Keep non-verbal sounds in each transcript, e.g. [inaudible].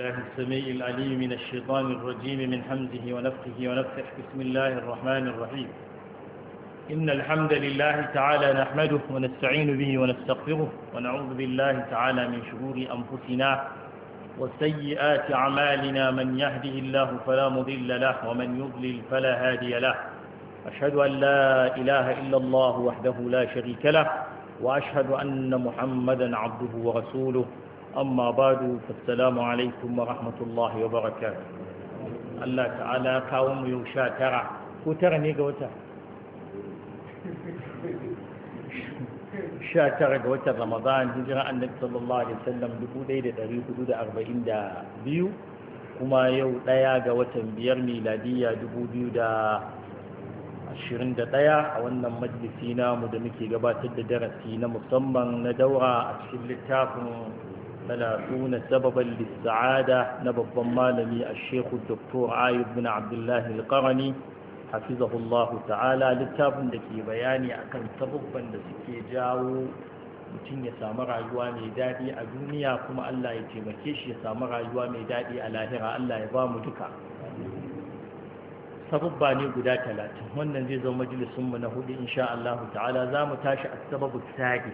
الله السميع العليم من الشيطان الرجيم من حمزه ونفخه ونفخه بسم الله الرحمن الرحيم إن الحمد لله تعالى نحمده ونستعين به ونستغفره ونعوذ بالله تعالى من شرور أنفسنا وسيئات أعمالنا من يهده الله فلا مضل له ومن يضلل فلا هادي له أشهد أن لا إله إلا الله وحده لا شريك له وأشهد أن محمدا عبده ورسوله أما بعد فالسلام عليكم ورحمة الله وبركاته الله تعالى كاوم يوشا ترى ko tara ne ga wata sha tara ga watan ramadan hijira annabi sallallahu alaihi wasallam 1442 kuma yau daya ga watan biyar miladiya 2021 a wannan majalisi namu da muke gabatar da darasi na musamman na daura a cikin littafin ثلاثون سببا للسعادة نبض ضمانني الشيخ الدكتور عايد بن عبد الله القرني حفظه الله تعالى bayani لكي بياني أكن سببا لسكي جاو mutum ya samu rayuwa mai daɗi a duniya kuma Allah ya taimake shi ya samu rayuwa mai daɗi a lahira Allah ya ba mu duka sababba ne guda talatin wannan zai zama majalisunmu na hudu insha Allah ta'ala za mu tashi a sababu sagis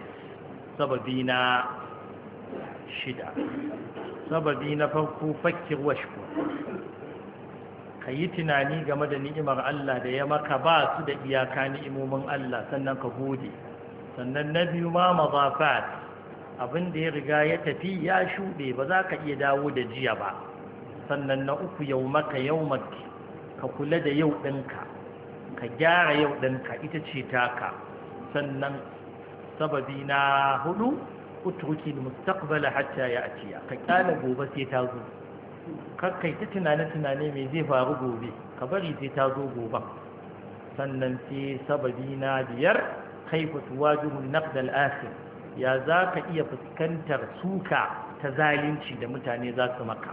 sababi na shida sababi na farko fakir washku ka yi tunani game da ni'imar Allah da ya maka ba su da iyaka ni'imomin Allah sannan ka gode sannan na biyu ma mazafat abin da ya riga ya tafi ya shuɗe ba za ka iya dawo da jiya ba sannan na uku yau maka yau maki ka kula da yau ɗinka ka gyara yau ɗinka ita ce taka sannan sababi na hudu utruki mustaqbala hatta ya'ti ka kyala gobe sai ta zo kakkai ta tunane tunane me zai faru gobe ka bari sai ta zo gobe sannan sai sababi na biyar kai fatuwa an-naqd akhir ya za ka iya fuskantar suka ta zalunci da mutane za su maka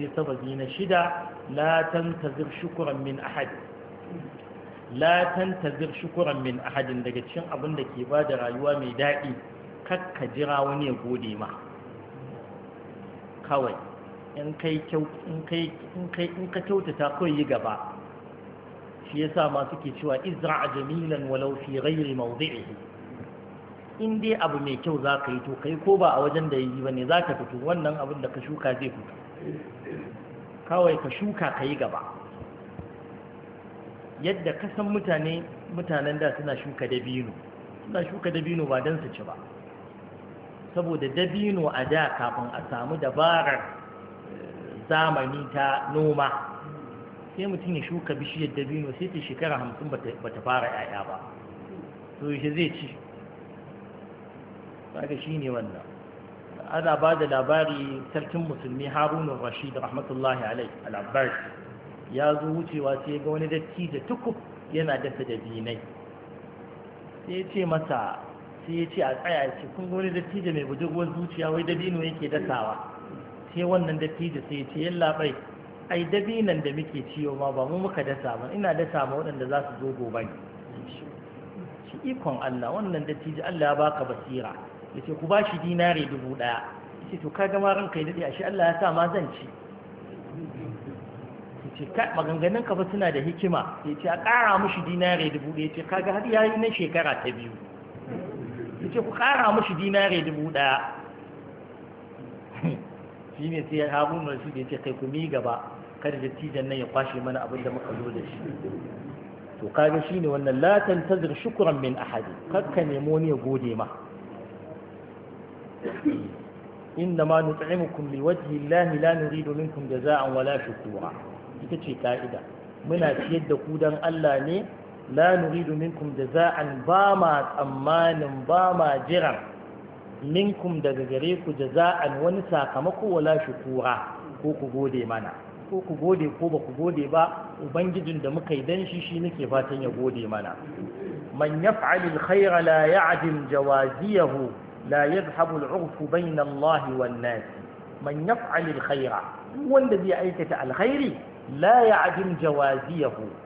sai sababi na shida la tantazir shukran min ahad la tantazir shukuran min ahadin daga cikin abin da ke ba da rayuwa mai daɗi kakka jira wani ya gode ma kawai in ka kyautata kawai yi gaba shi yasa ma suke cewa izra jamilan walau fi ghairi mawdi'ihi in dai abu mai kyau za ka yi to kai ko ba a wajen da yi bane za ka fito wannan abin da ka shuka zai fito kawai ka shuka ka yi gaba yadda ka san mutane mutanen da suna shuka dabino suna shuka dabino ba don su ci ba saboda dabino a da kafin a samu dabarar eh, zamani ta noma sai mutum ya shuka bishiyar dabino sai ta shekara hamsin ba ta fara yaya ba to yi zai ci kaga shi ne wannan ana ba da labari sarkin musulmi harunan rashid rahmatullahi alai al'abbas ya zo wucewa sai ga wani datti da tukub yana dasa dabinai sai ce masa sai ya ce a tsaya ce kun wani dattijo mai budurwar zuciya wai dabino yake dasawa sai wannan dattijo sai ya ce yin labai ai dabinan da muke ciyo ma ba mu muka dasa ba ina dasa ma waɗanda za su zo gobe ne shi ikon Allah wannan dattijo Allah ya baka basira ya ce ku bashi dinare dubu ɗaya ya ce to ka gama ran ya daɗe a shi Allah ya sa ma zan ci ce maganganun ka fa suna da hikima ya ce a ƙara mushi dinare dubu ɗaya ya ce kaga har yayi na shekara ta biyu ya ce ku kara mashi dinare dubu ɗaya shi ne sai harun rasu da ya ce kai ku mi gaba kada dattijan nan ya kwashe mana abin da muka zo da shi to kaga shi ne wannan latan tazir shukuran min ahadi kakka nemo ne ya gode ma inda ma nut'imukum liwajhi llahi la nuridu minkum jaza'an wala shukura ita ce ka'ida muna ciyar da ku dan Allah ne la nuridu minkum jaza'an ba ma tsammanin ba ma jiran minkum daga gare ku jaza'an wani sakamako wala shukura ko ku gode mana ko ku gode ko ba ku gode ba ubangijin da muka yi dan shi shi nake fatan ya gode mana man yaf'alu alkhayra la ya'dil jawaziyahu la yadhhabu al'urfu bayna Allah wan nas man yaf'alu alkhayra wanda zai aikata alkhairi la ya'dil jawaziyahu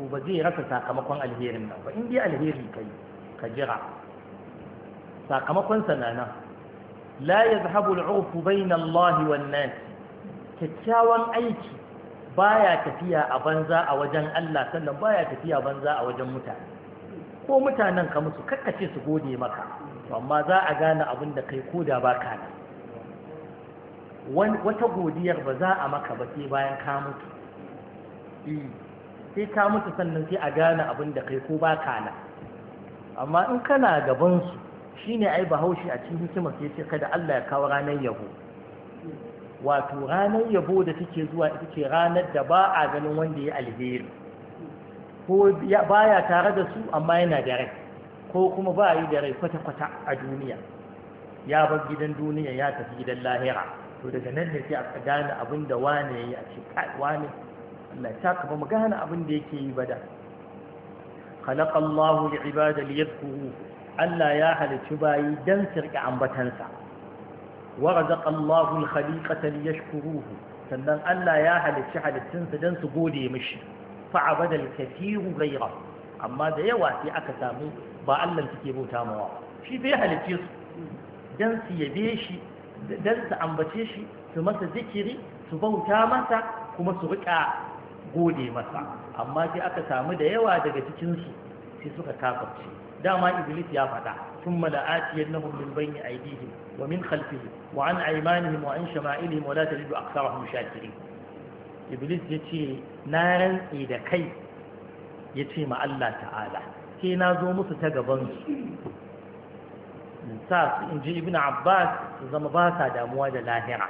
to ba zai rasa sakamakon alherin nan ba in dai alheri kai ka jira sakamakon sanana la yazhabu al'urfu bayna Allah wan nas kyakkyawan aiki baya tafiya a banza a wajen Allah sannan baya tafiya banza a wajen mutane ko mutanen ka musu kakkace su gode maka amma za a gane abin da kai koda baka da wata godiyar ba za a maka ba sai bayan ka mutu eh. sai ka mutu sannan sai a gane abin da kai ko ba ka na amma in kana gaban su shine ai bahaushe a cikin hikimar sai sai kada Allah ya kawo ranar yabo wato ranar yabo da take zuwa ita ce ranar da ba a ganin wanda ya alheri ko baya tare da su amma yana da rai ko kuma ba yi da rai kwata-kwata a duniya ya bar gidan duniya ya tafi gidan lahira to daga nan ne sai a gane abin da wane ya a ce wane Allah ta kafa mu gane abin da yake yi bada khalaqallahu li'ibada liyadhkuru Allah ya halicci bayi dan sirka ambatansa wa razaqallahu al-khaliqata liyashkuruhu sannan Allah ya halicci halittunsa dan su gode mishi fa'abada al-kathiru ghayra amma da yawa sai aka samu ba Allah suke bauta mawa shi bai halicce su dan su yabe shi dan su ambace shi su masa zikiri su bauta masa kuma su rika gode masa amma sai aka samu da yawa daga cikinsu sai suka kafarci dama iblis ya fada sun mala'ati yadda hulun bayi a idihi wa min khalfihi wa an aimanihi wa an shama'ilihi wa latar ido a kawo mushakiri iblis ya ce na rantsi da kai ya ce ma allah ta'ala ke na zo musu ta gaban su sa su in ji ibn abbas su zama basa damuwa da lahira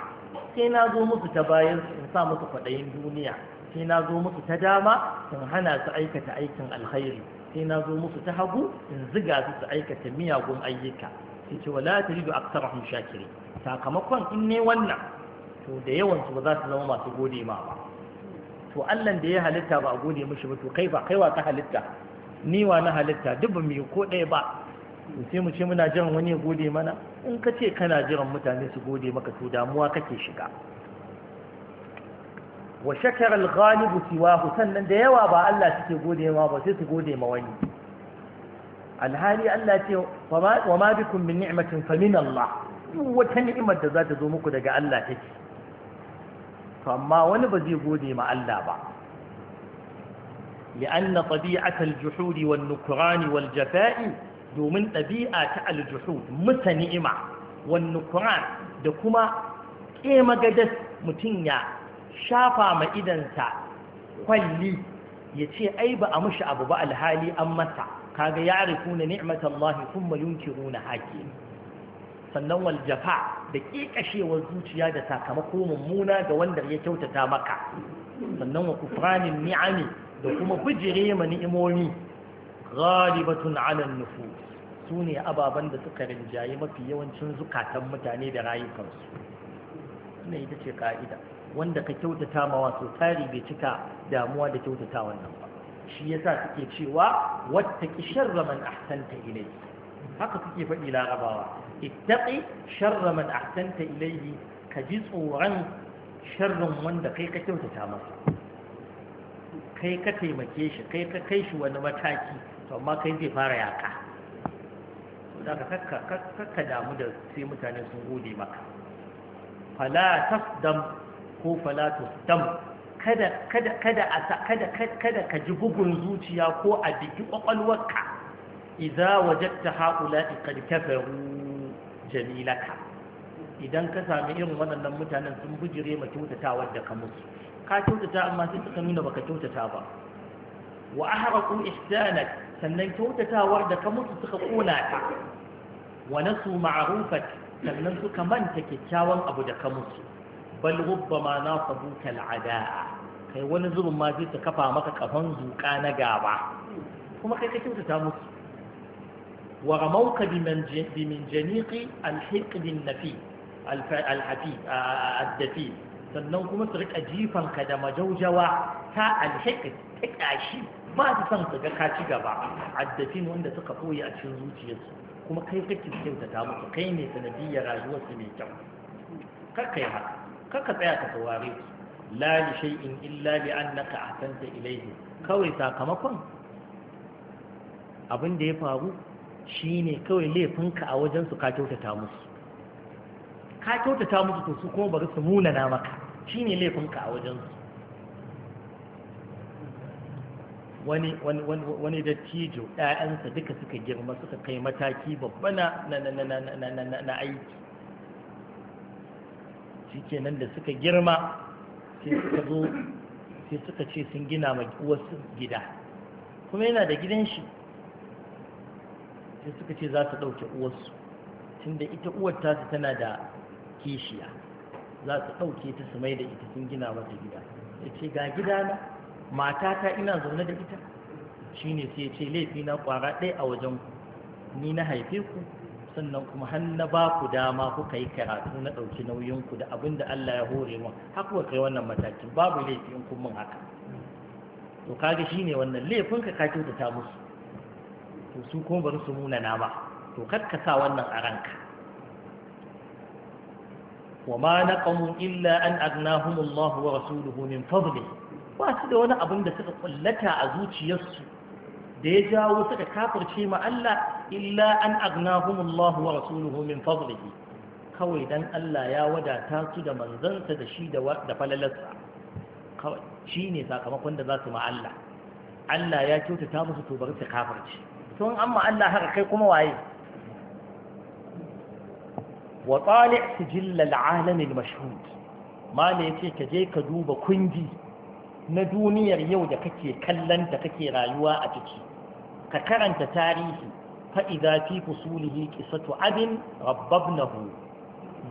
Sai na zo musu ta bayan su in sa musu kwaɗayin duniya sai na zo musu ta dama in hana su aikata aikin alkhairi sai na zo musu ta hagu in ziga su su aikata miyagun ayyuka sai ce wala taridu hun shakiri sakamakon in ne wannan to da yawan ba za su zama masu gode ma ba to allan da ya halitta ba a gode mishi ba to kai ba kai wa halitta ni wa na halitta duk ba mu ko ɗaya ba to sai mu ce muna jiran wani ya gode mana in ka ce kana jiran mutane su gode maka to damuwa kake shiga wa shakara al-ghalibu siwahu sannan da yawa ba Allah suke gode ma ba sai su gode ma wani alhali Allah ce wa ma bikum min ni'matin fa min Allah duk wata ni'imar da za ta zo muku daga Allah take to amma wani ba zai gode ma Allah ba لأن طبيعة الجحود والنكران والجفاء دومن طبيعة الجحود متنئمة والنكران دكما كما قدس متنيا shafa ma idansa kwalli ya ce ai ba a mushi abu ba alhali an mata kaga ya riku na ni'mat Allah kuma yunkiru na haƙi sannan waljafa da ƙiƙashewar zuciya da sakamako mummuna ga wanda ya kyautata maka sannan wa kufranin ni'ami da kuma bijire ma ni'imomi ghalibatun ala nufus sune ababan da suka rinjaye mafi yawancin zukatan mutane da rayukansu ita ce ka'ida wanda ka kyautata ma wato tari bai cika damuwa da kyautata wannan ba shi yasa suke cewa wata ki sharra man ahsanta ilai haka suke faɗi larabawa ittaqi sharra man ahsanta ilaihi ka ji tsoron sharrin wanda kai ka kyautata masa kai ka taimake shi kai ka kai shi wani mataki to amma kai zai fara yaka da ka kakka damu da sai mutane sun gode maka fala dam. ko falatu dam kada kada kada a kada kada ka ji bugun zuciya ko a biki kwakwalwarka idza wajadta haula'i qad kafaru jamilaka idan ka sami irin waɗannan mutanen sun bujire ma kyautatawa da ka musu ka kyautata amma sai suka nuna baka kyautata ba wa ahraqu ihsanak sannan kyautatawar da ka musu suka kona ta wa nasu ma'rufat sannan suka manta kyakkyawan abu da ka musu bal rubbama na sabuka al'ada'a kai wani zubin ma sai ta kafa maka kafan zuƙa na gaba kuma kai ka ta musu wa ramauka bimin janiqi alhiqdin nafi addafi sannan kuma su rika ka da majaujawa ta alhiqd ta kashi ba su san ka ga ka ci gaba addafin wanda suka koyi a cikin zuciyarsu kuma kai kake kyautata musu kai ne sanadiyyar rayuwarsu mai kyau kar kai haka kaka tsaya ka saurare su la li shay'in illa bi annaka ahsanta ilayhi kawai sakamakon abin da ya faru shine kawai laifinka a wajen su ka kyautata musu ka kyautata musu to su kuma bari su na maka shine laifinka a wajen su wani wani wani dattijo ɗayansa duka suka girma suka kai mataki babba na na na na na na aiki nan da suka girma sai suka zo sai suka ce sun gina ma wasu gida kuma yana da gidan shi sai suka ce za ta ɗauke uwarsu tunda ita uwar tasu tana da kishiya za ta ɗauke ta su mai da ita sun gina wata gida ya ce ga gida na matata ina zaune da ita shine sai ya ce laifina ƙwara ɗaya a wajen ku ni na haife ku sannan kuma har na ba ku dama kuka yi karatu na ɗauki nauyinku da abin da Allah ya hore mu har kuka kai wannan mataki babu laifi in kun mun haka to kaga shine wannan laifin ka kake ta musu to su kuma bari su muna nama to kar ka sa wannan a ranka wa ma naqamu illa an aghnahum Allah wa rasuluhu min fadli ba su da wani abin da suka kullata a zuciyarsu da ya jawo suka kafirce ma Allah illa an aghnahumullahu wa rasuluhu min fadlihi kawai dan Allah ya wadata su da manzansa da shi da falalarsa kawai shi ne sakamakon da za su ma Allah Allah ya kyautata musu to bari su kafirci to an amma Allah haka kai kuma waye wa tali' sijil al-alam al-mashhud mala yace ka je ka duba kungi na duniyar yau da kake kallon da kake rayuwa a ciki ka karanta tarihi fa'iza fi fusulihi ƙisatu abin rabbabnahu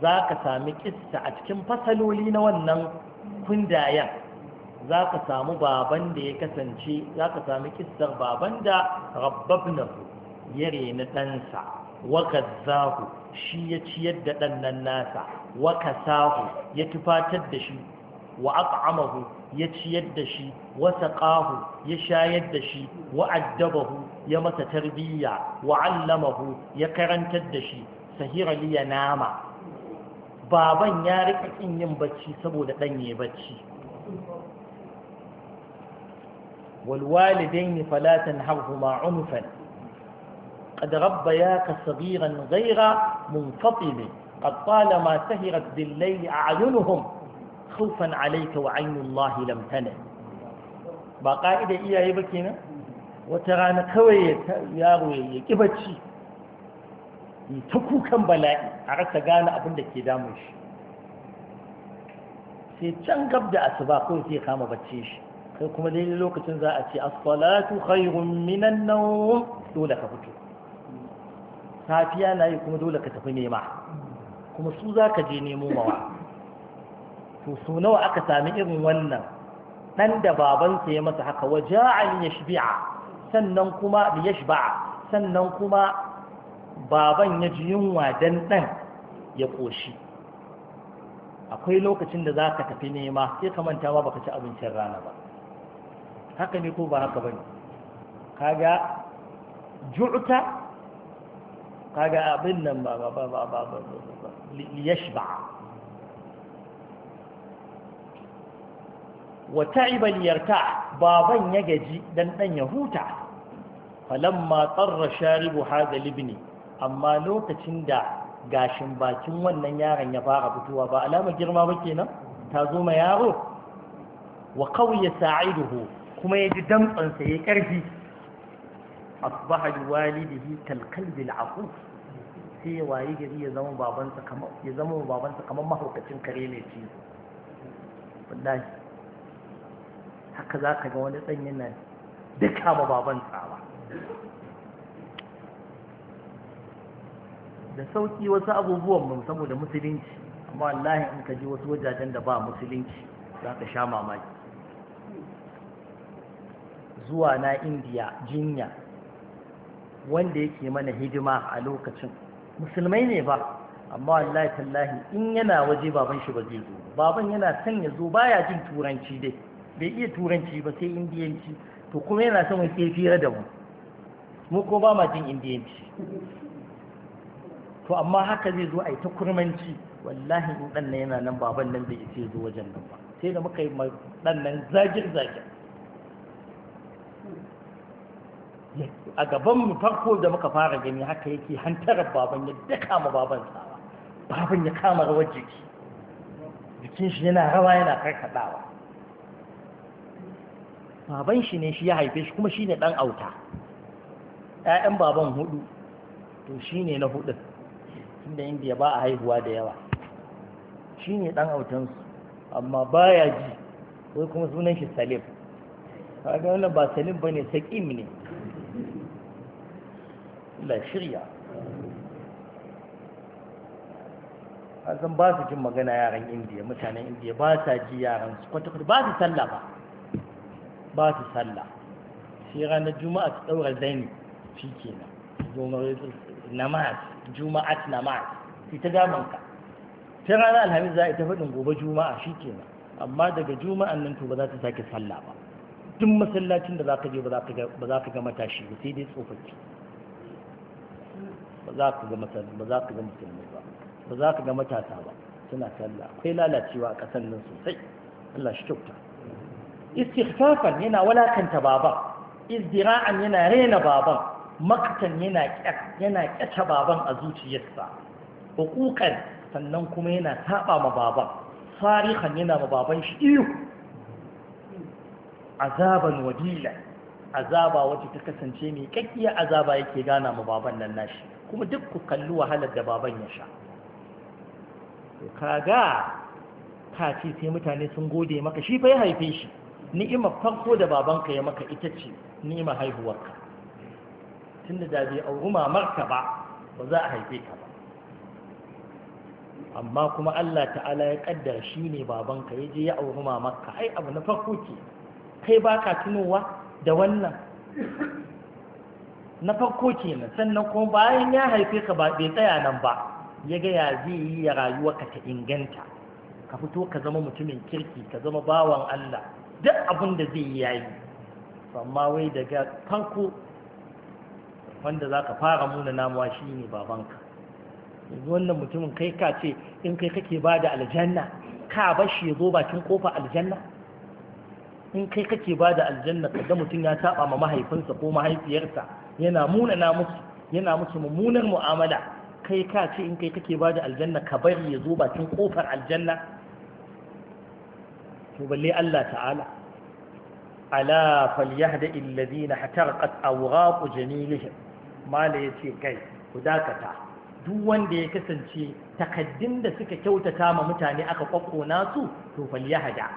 za ka sami kissa a cikin fasaloli na wannan kundayen za ka samu baban da ya kasance za ka sami kissar baban da rabbabnahu ya reni ɗansa waka shi ya ciyar da ɗannan nasa waka ya tufatar da shi wa aq'amahu ya ciyar da shi wa ƙahu ya shayar da shi wa addabahu ya mata tarbiyya wa allamahu ya karantar da shi sahira liya nama baban ya rika kin yin bacci saboda dan yayi bacci wal walidain fala tanhahuma unfan qad rabbayaka sagiran ghayra munfatili qad talama sahirat bil layli a'yunuhum khawfan alayka wa 'aynullahi lam tanah ba qa'ida iyaye ba kenan wata rana kawai yaro ya ƙi bacci ta kukan bala'i a rasa gane abin da ke damun shi sai can gab da asuba kawai sai kama bacci shi kai kuma daidai lokacin za a ce asfalatu khairun minan dole ka fito safiya na yi kuma dole ka tafi nema kuma su za ka je nemo mawa to su nawa aka sami irin wannan dan da babansa ya masa haka waje ya shibi'a sannan kuma da yashba sannan kuma baban ya ji yunwa dan ɗan ya ƙoshi akwai lokacin da zaka tafi nema sai ka manta ba baka ci abincin rana ba haka ne ko ba haka ba ne kaga ju'ta kaga abin nan ba ba ba ba ba ba wa ta'iba yarta baban ya gaji dan ɗan ya huta falamma tsarra sharibu hada libni amma lokacin da gashin bakin wannan yaron ya fara fitowa ba alama girma ba kenan ta zo ma yaro wa qawiya sa'iduhu kuma ya ji damtsan ya yayi karfi asbaha liwalidihi kal kalbi al sai ya wayi gari ya zama babansa kamar babansa kamar mahaukacin kare ne ci wallahi haka za ka ga wani ɗan yana duk abu baban tsawa da sauƙi wasu abubuwan mun saboda musulunci amma wallahi in ka ji wasu wajajen da ba musulunci za ka sha mamaki zuwa na indiya jinya wanda yake mana hidima a lokacin musulmai ne ba amma wallahi tallahi in yana waje baban shi ba zai zo baban yana son ya zo baya jin turanci dai bai iya turanci ba sai indiyanci to kuma yana son sai fira da mu mu ko ba ma jin indiyanci to amma haka zai zo a yi ta kurmanci wallahi in ɗan nan yana nan baban nan da isa zo wajen nan ba sai da muka yi ɗan nan zagir zagir a gaban mu farko da muka fara gani haka yake hantarar baban ya daka ma baban tsawa baban ya kama rawar jiki jikin shi yana rawa yana karkadawa baban shi ne shi ya haife shi kuma shi ne ɗan auta ‘ya'yan baban hudu to shi ne na hudu inda indiya ba a haihuwa da yawa shi ne ɗan autansu amma baya ji wai kuma sunan shi salim kaga wannan ba salim ba ne saƙim ne la shirya a zan ba su jin magana yaran indiya mutanen indiya ba sa ji yaran su kwata-kwata ba su sallah ba ba su sallah sai ranar juma'a su daura zani shi kenan namaz juma'at namaz ita damanka sai ranar alhamis za a ita faɗin gobe juma'a shi kenan amma daga juma'an nan to ba za ta sake sallah ba duk masallacin da za ka je ba za ka ga matashi ba sai dai tsofaffi ba za ka ga musulmi ba ba za ka ga matasa ba suna sallah akwai lalacewa a ƙasar nan sosai Allah shi kyauta istighfafan yana walakanta baban izdira'an yana rena baban maktan yana yana baban a zuciyarsa hukukan sannan kuma yana saba ma baban farihan yana ma baban shi iyo azaban wadila azaba wacce ta kasance mai kakkiya azaba yake gana ma baban nan nashi kuma duk ku kalli wahalar da baban ya sha kaga ta ce sai mutane sun gode maka shi fa ya haife shi ni'imar farko da babanka ya maka ita ce ni'imar haihuwarka tunda da bai auri mamarka ba ba za a haife ka ba amma kuma Allah ta'ala ya kaddar shi ne babanka ya je ya auri mamarka ai abu na farko ke kai ka tunowa da wannan na farko nan sannan kuma bayan ya haife ka ba bai tsaya nan ba ya ga ya zai yi ya ka ta inganta ka fito ka zama mutumin kirki ka zama bawan Allah duk abin da zai yi yayi amma wai daga farko wanda za ka fara muna namuwa shi ne babanka yanzu wannan mutumin kai ka ce in kai kake ba da aljanna ka ba shi ya zo bakin kofa aljanna in kai kake ba da aljanna kada mutum ya taba ma mahaifinsa ko mahaifiyarsa yana muna musu yana musu mummunar mu'amala kai ka ce in kai kake ba da aljanna ka bari ya zo bakin kofar aljanna to balle Allah ta'ala ala falyahda alladhina hatarqat awraq jamilihim mala yace kai ku dakata duk wanda ya kasance takaddin da suka kyautata ma mutane aka kwakkona su to falyahda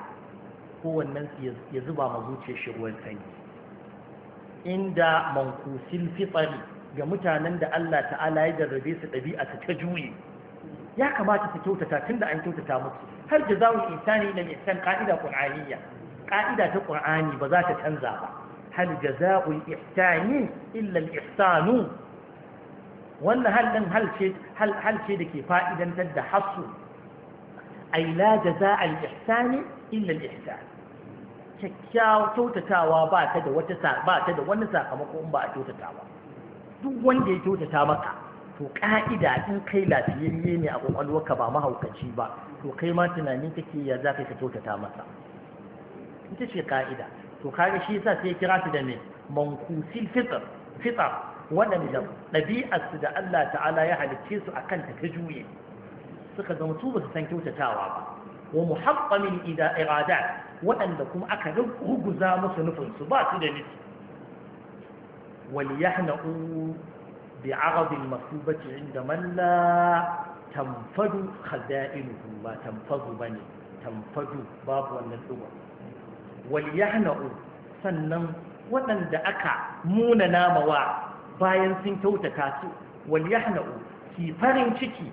kowannen su ya zuba ma zuciyar shi ruwan sanyi inda mankusil fitari ga mutanen da Allah ta'ala ya jarrabe su ɗabi'a su ta juye ya kamata su kyautata tunda an kyautata musu har jaza'ul insani ila ihsan qa'ida qur'aniyya ƙa'ida ta qur'ani ba za ta canza ba hal jaza'ul ihsani illa al ihsanu wannan hal din hal ce da ke ce fa'idantar da hasu ai la jaza'ul ihsani illa al ihsan kyakkyawar kyautatawa ba ta da wani sakamakon ba a kyautata duk wanda ya kyautata maka to ka'ida in kai lafiyayye ne a kwakwalwarka ba mahaukaci ba to kai ma tunanin take ya za ka kyautata masa ita ce ka'ida to kaga shi yasa sai kira su da me mankusil fitr fitr waɗanda su da Allah ta'ala ya halicce su akan ta ta juye suka zama su ba su san kyautatawa ba wa muhaqqamin ida irada waɗanda kuma aka ruguza musu nufin su ba su da nufi wal yahna'u بعرض المكتوبة عند من لا تنفذ خزائنه ما تنفذ بني تنفذ باب والنسوة وليهنأ سنن وطن دأكا مون ناموا باين سنتوت كاسو وليهنأ في فرن شكي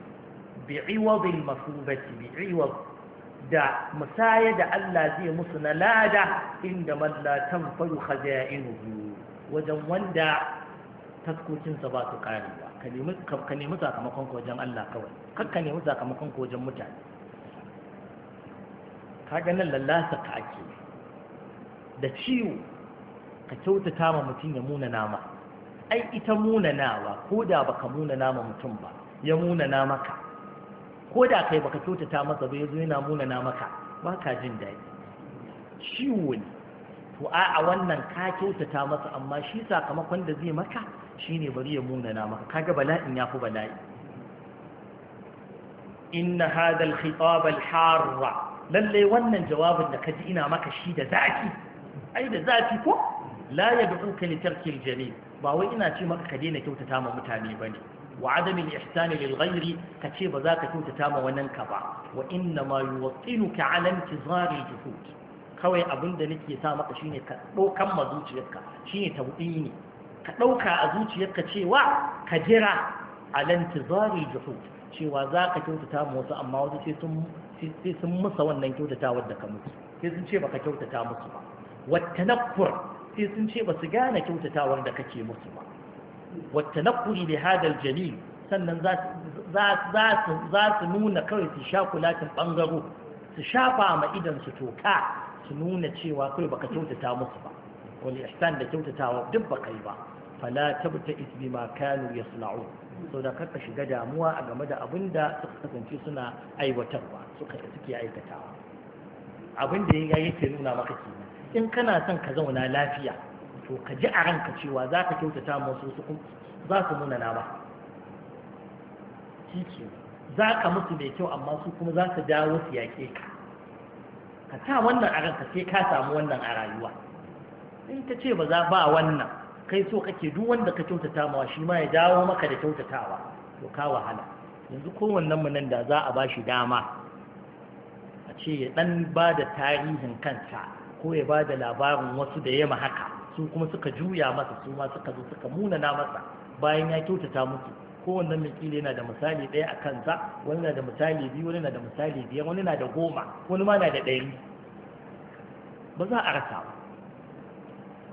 بعوض المكتوبة بعوض da musaya da Allah zai musu na lada inda man la tanfadu khaza'inuhu wajen wanda taskokinsa ba su karewa ka nemi sakamakon wajen Allah kawai kakka nemi sakamakon wajen mutane ka ga nan lallasa ka ake da ciwo ka kyautata ma mutum ya muna nama ai ita muna nawa ko da baka muna nama mutum ba ya muna nama ka. ko da kai baka kyautata masa ba ya zo yana muna nama ka. ba ka jin daɗi ciwo ne to a a wannan ka kyautata masa amma shi sakamakon da zai maka shine bari ya munana maka kaga bala'in yafi bala'i inna hadha al-khitab al-harra lalle wannan jawabin da kaji ina maka shi da zafi ai da zafi ko la yad'uka li tarki al-jamil ba wai ina ce maka ka daina kyautata ma mutane bane wa adam al-ihsan lil ka ce ba za ka kyautata ma wannan ka ba wa inna ma yuwattinuka ala intizari juhud kawai abin da nake sa maka shine ka ɗaukan ma zuciyarka shine tawɗi ne ka ɗauka a zuciyarka cewa ka jira a lantizari juhud cewa za ka kyautata mu wasu amma wasu sai sun musa wannan kyautatawar da ka musu. sai sun ce baka kyautata musu ba wata nakfur sai sun ce ba su gane kyautatawar da kake musu ba wata nakuri da hadal jalil sannan za su nuna kawai su sha kulatin ɓangaro su shafa ma idan su toka su nuna cewa kai baka kyautata musu ba wal ihsan da kyautatawa duk baka yi ba fala tabta isbi ma kanu yasla'un so da kaka shiga damuwa a game da abin da suka kasance suna aiwatarwa suka suke aikatawa abin da ya yake nuna maka kenan in kana son ka zauna lafiya to ka ji a ranka cewa za ka kyautata musu su za su nuna na ba shi za ka musu mai kyau amma su kuma za su dawo su yaƙe ka ka sa wannan a ranka sai ka samu wannan a rayuwa in ka ce ba za ba wannan kai so kake duk wanda ka kyautata mawa shi ma ya dawo maka da kyautatawa to ka wahala yanzu kowannen mu nan da za a bashi dama a ce ya dan ba da tarihin kansa ko ya ba da labarin wasu da yama haka su kuma suka juya masa su ma suka zo suka munana masa bayan ya kyautata musu kowanne mikili yana da misali ɗaya a kansa wani na da misali biyu wani na da misali biyar wani na da goma wani ma na da ɗari ba za a rasa ba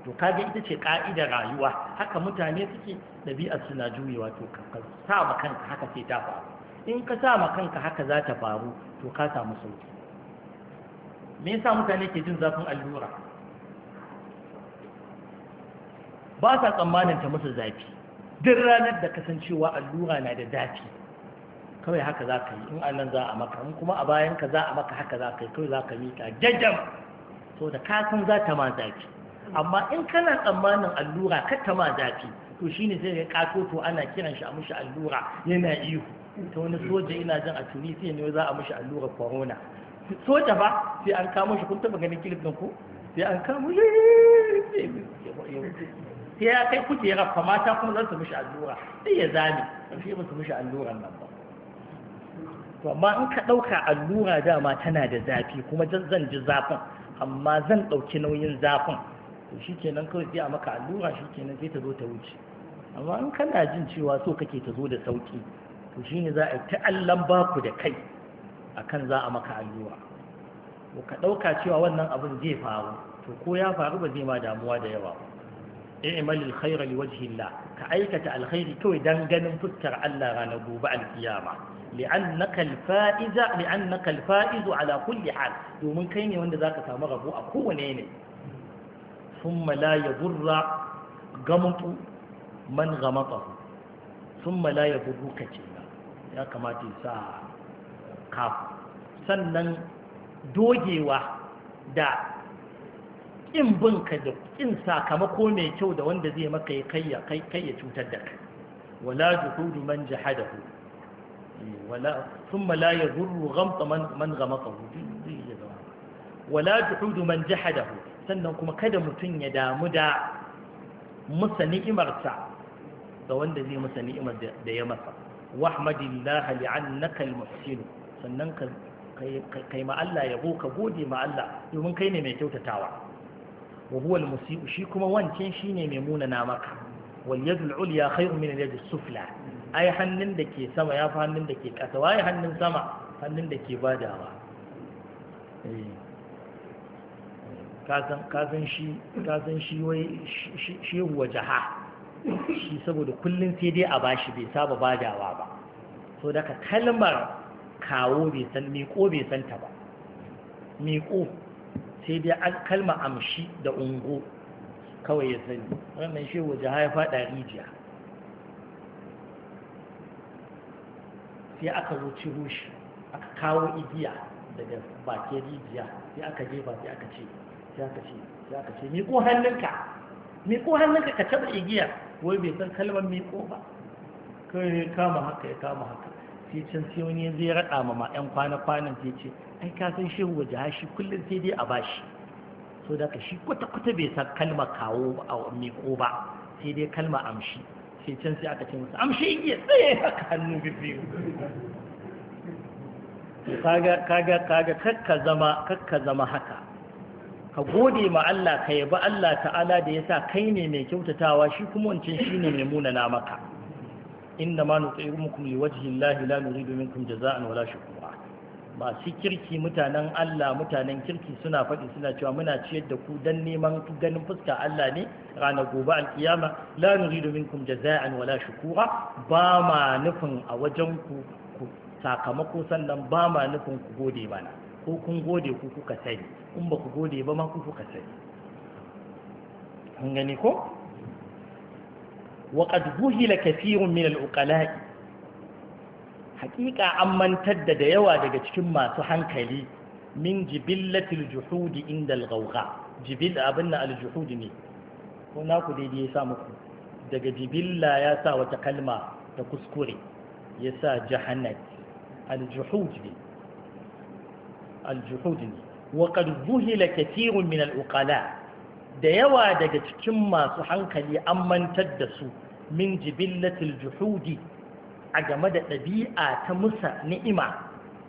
to kaga ita ce ka'idar rayuwa haka mutane suke ɗabi'ar suna juyewa to ka sa ma kanka haka sai ta faru in ka sa ma kanka haka za ta faru to ka samu sauki me yasa mutane ke jin zafin allura ba sa tsammanin ta musu zafi duk ranar da kasancewa allura na da dace kawai haka za ka yi in nan za a maka in kuma a bayan ka za a maka haka za ka yi kawai za ka mita jajjam so da kasan za ta ma zafi amma in kana tsammanin allura ka ta ma zafi to shine zai ga to ana kiran shi a mushi allura yana ihu ta wani soja ina jin a tunisiya ne za a mushi allura corona soja ba sai an kamo shi kun taba ganin kilif ɗin ko sai an kamo shi sai ya kai ya fa mata kuma zan su mishi allura sai ya zame ba shi musu mishi alluran nan ba to amma in ka ɗauka allura dama tana da zafi kuma zan ji zafin amma zan ɗauki nauyin zafin to shi kenan kawai sai a maka allura shi sai ta zo ta wuce amma in kana jin cewa so kake ta zo da sauki to shi ne za a yi ta'allan baku da kai akan za a maka allura Ko ka ɗauka cewa wannan abin zai faru to ko ya faru ba zai ma damuwa da yawa ba i'mal alkhayra liwajhi Allah ka aikata alkhairi kawai dan ganin fuskar Allah ranar gobe alkiyama li'annaka alfa'iza li'annaka alfa'izu ala kulli hal domin kai ne wanda zaka samu rabo a kowane ne thumma la yadurra gamtu man ghamatahu thumma la yadurru ka ce ya kamata ya sa kafu sannan dogewa da ƙin binka da ƙin sakamako mai kyau da wanda zai maka ya kai kai ya cutar da kai wala juhudu man jahadahu wala thumma la yadurru ghamta man man ghamatahu wala juhudu man jahadahu sannan kuma kada mutum ya damu da musa ni'imarsa da wanda zai musa ni'imar da ya masa wahmadillahi li'annaka al-muhsin sannan ka kai ma Allah ya ka gode ma Allah domin kai ne mai kyautatawa wa huwa shi kuma wancan shine mai munana maka wal yadul ulya khairun min al sufla ai hannun da ke sama ya fi hannun da ke ƙasa waye hannun sama hannun da ke badawa eh. kasan shi wai shehuwa jaha shi saboda kullum sai dai a bashi bai saba badawa ba so daga kalmar kawo bai san miƙo bai santa ba miƙo sai dai an kalma amshi da ungo kawai ya sani wannan shi waje ya faɗa rijiya sai aka zo ciro shi aka kawo igiya daga bakin rijiya sai aka jefa sai aka ce sai aka ce sai aka ce miƙo hannunka miƙo hannunka ka taɓa igiya wai bai san kalmar miƙo ba kawai ya kama haka ya kama haka sai can sai wani ya zai raɗa ma 'yan kwana-kwanan sai ce ai kasan san waje wajaha shi kullum sai dai a bashi so da ka shi kwata-kwata bai san kalma kawo a ko ba sai dai kalma amshi sai can sai aka ce musu amshi iya tsaye haka hannu biyu kaga kaga kaga kakka zama kakka zama haka ka gode ma Allah ka yabi Allah ta'ala da yasa kai ne mai kyautatawa shi kuma wancan shine mai munana maka inna ma nuti'imukum liwajhi Allah la nuridu minkum jazaa'an wala shukura masu kirki mutanen Allah mutanen kirki suna faɗi suna cewa muna ciyar da ku dan neman ganin fuska Allah ne rana gobe alkiyama la nuridu minkum jaza'an wala shukura ba ma nufin a wajen ku sakamako sannan ba ma nufin ku gode mana ko kun gode ku kuka sani in ba ku gode ba ma ku kuka sani kun gani ko وقد بهل كثير من العقلاء haƙiƙa an mantar da da yawa daga cikin masu hankali min jibillatil juhudi inda al-ghawqa jibil abin na al-juhudi ne ko na ku daidai ya sa muku daga jibilla ya sa wata kalma ta kuskure ya sa jahannat al-juhud ne al-juhud ne wa qad zuhila kathirun min al-uqala da yawa daga cikin masu hankali an mantar da su min jibillatil juhudi a game da ɗabi'a ta musa ni'ima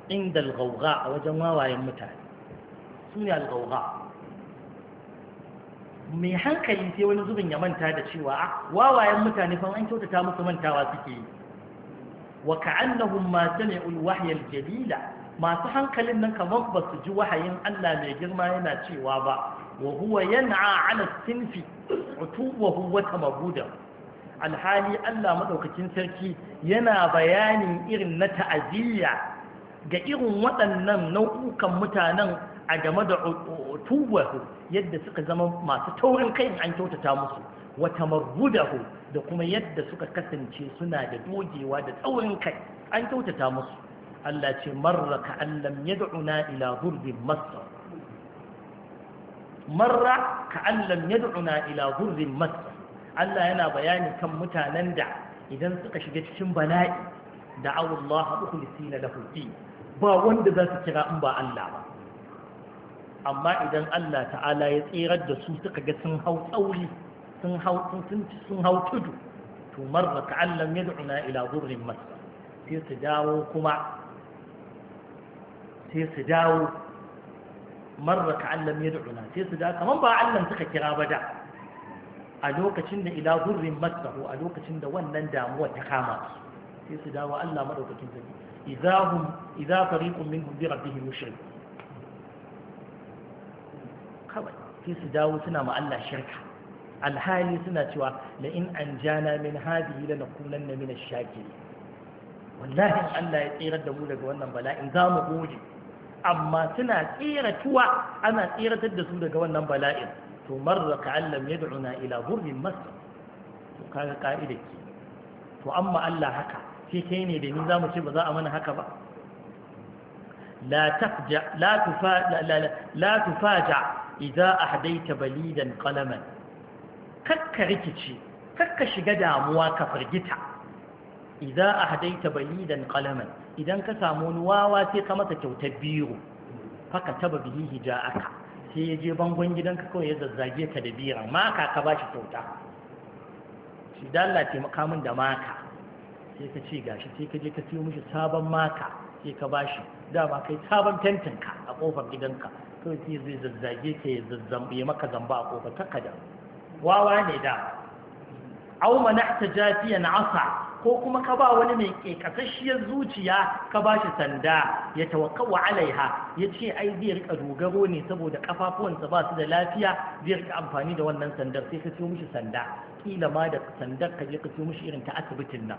inda algauga a wajen wawayen mutane su ne algauga mai hankali sai wani zubin ya manta da cewa a ah, wawayen mutane fa an kyautata musu mantawa suke yi wa ka'annahum ma sami'ul wahya jalila masu hankalin nan kamar ba su ji wahayin Allah mai girma yana cewa ba wa huwa yan'a 'ala sinfi utuwahu wa tamabudahu alhali Allah maɗaukacin sarki yana bayanin irin na ta'aziyya ga irin waɗannan nau'ukan mutanen a game da tuwahu yadda suka zama masu taurin kai an kyautata musu wata marbudahu da kuma yadda suka kasance suna da dogewa da tsaurin kai an kyautata musu Allah ce marra ka allam ya da'una ila gurbin masar marra ka allam ya da'una ila gurbin masar Allah yana bayani kan mutanen da idan suka shiga cikin bala'i da Allah mukhlisina da din ba wanda za su kira in ba Allah ba amma idan Allah ta'ala ya tsirar da su suka ga sun hau tsauri sun hau sun sun hau tudu to marra ta'allam yad'una ila dhurrin mas sai su dawo kuma sai su dawo marra ta'allam yad'una sai su dawo kamar ba Allah suka kira ba da a lokacin da ila zurrin matsahu a lokacin da wannan damuwa ta kama su sai su dawo Allah madaukakin sarki idahum idza fariqun minhum bi rabbihim mushrik kawai sai su dawo suna ma Allah shirka alhali suna cewa la in anjana min hadhihi lanakunanna min ash-shakirin wallahi Allah ya tsira da mu daga wannan bala'in za mu gode amma suna tsira tuwa ana tsiratar da su daga wannan bala'in to marra ka'an lam yad'una ila gurbin masa to kaga ka'ida ke to amma Allah haka sai kai ne da ni za mu ce ba za a mana haka ba la tafja la tufa la tufaja idza ahdaita balidan kalaman. kakka rikici kakka shiga damuwa ka firgita a hadaita balidan kalaman. idan ka samu wani wawa sai ka masa kyautar biro faka taba bihi hija'aka sai ya je bangon gidanka kawai ya zazzage ka da biran. maka ka ba shi kyauta shi da Allah taimaka min da maka sai ka ce gashi sai ka je ka siyo mishi sabon maka sai ka ba shi dama kai sabon ka a kofar gidanka kawai sai zai zazzage ka ya zazzambe maka zamba a kofar takka wawa ne da au jafiya na asa ko kuma ka ba wani mai kekasasshiyar zuciya ka ba shi sanda ya tawakkawa alaiha ya ce ai zai rika dogaro ne saboda kafafuwansa ba su da lafiya zai rika amfani da wannan sandar sai ka siyo mishi sanda kila ma da sandar ka je ka siyo mishi irin ta asibitin nan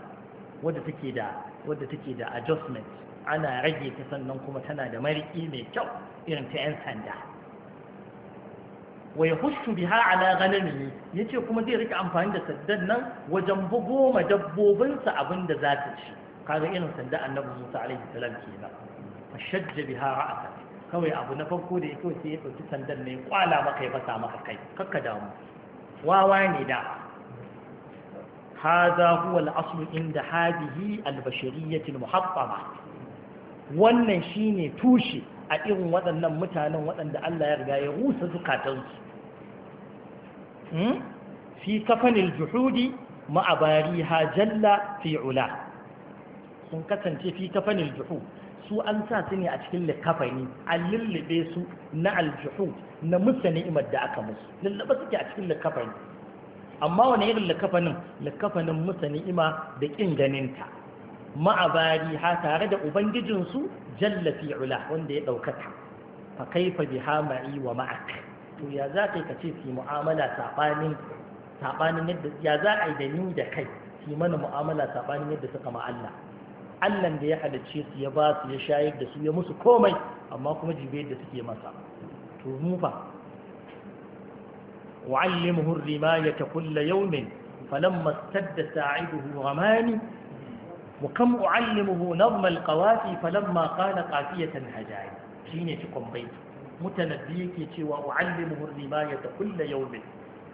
wadda take da wadda take da adjustment ana rage ta sannan kuma tana da mariki mai kyau irin ta 'yan sanda wa ya hushu biha ala Ya yace kuma zai rike amfani da saddan nan wajen bugo ma dabbobinsa abin da za ta ci kaga irin sanda annabi Musa alaihi salam kenan Ba shajja biha ra'ata kawai abu na farko da yake sai ya dauki sandan ne kwala maka ya fasa maka kai kakka damu wawa ne da هذا هو الأصل عند هذه البشرية المحطمة wannan shine tushe a irin waɗannan mutanen waɗanda Allah ya riga ya rusa zukatansu hmm? fi kafanil juhudi ma'abari hajalla fi ula sun kasance fi kafanil juhud su an sa su ne a cikin likafani an lullube su na aljuhu na musa ni'imar da aka musu lullube suke a cikin likafani amma wani irin likafanin likafanin musa ni'ima da ƙin ganinta ma'abari ha tare da ubangijinsu jalla fi'ula wanda ya ɗaukata, fa kaifa biha wa ma'ak to ya za ka ce fi mu'amala saɓanin saɓanin yadda ya za a yi da ni da kai fi mana mu'amala saɓanin yadda suka ma Allah da ya halarce su ya ba su ya shayar da su ya musu komai amma kuma jibe da suke masa to mu fa wa'allimhu ar-rimayata kulla yawmin falamma istadda sa'iduhu ramani. وكم أعلمه نظم القوافي فلما قال قافية هجاي شيني تكون بيت متنبيك تيوى أعلمه الرماية كل يوم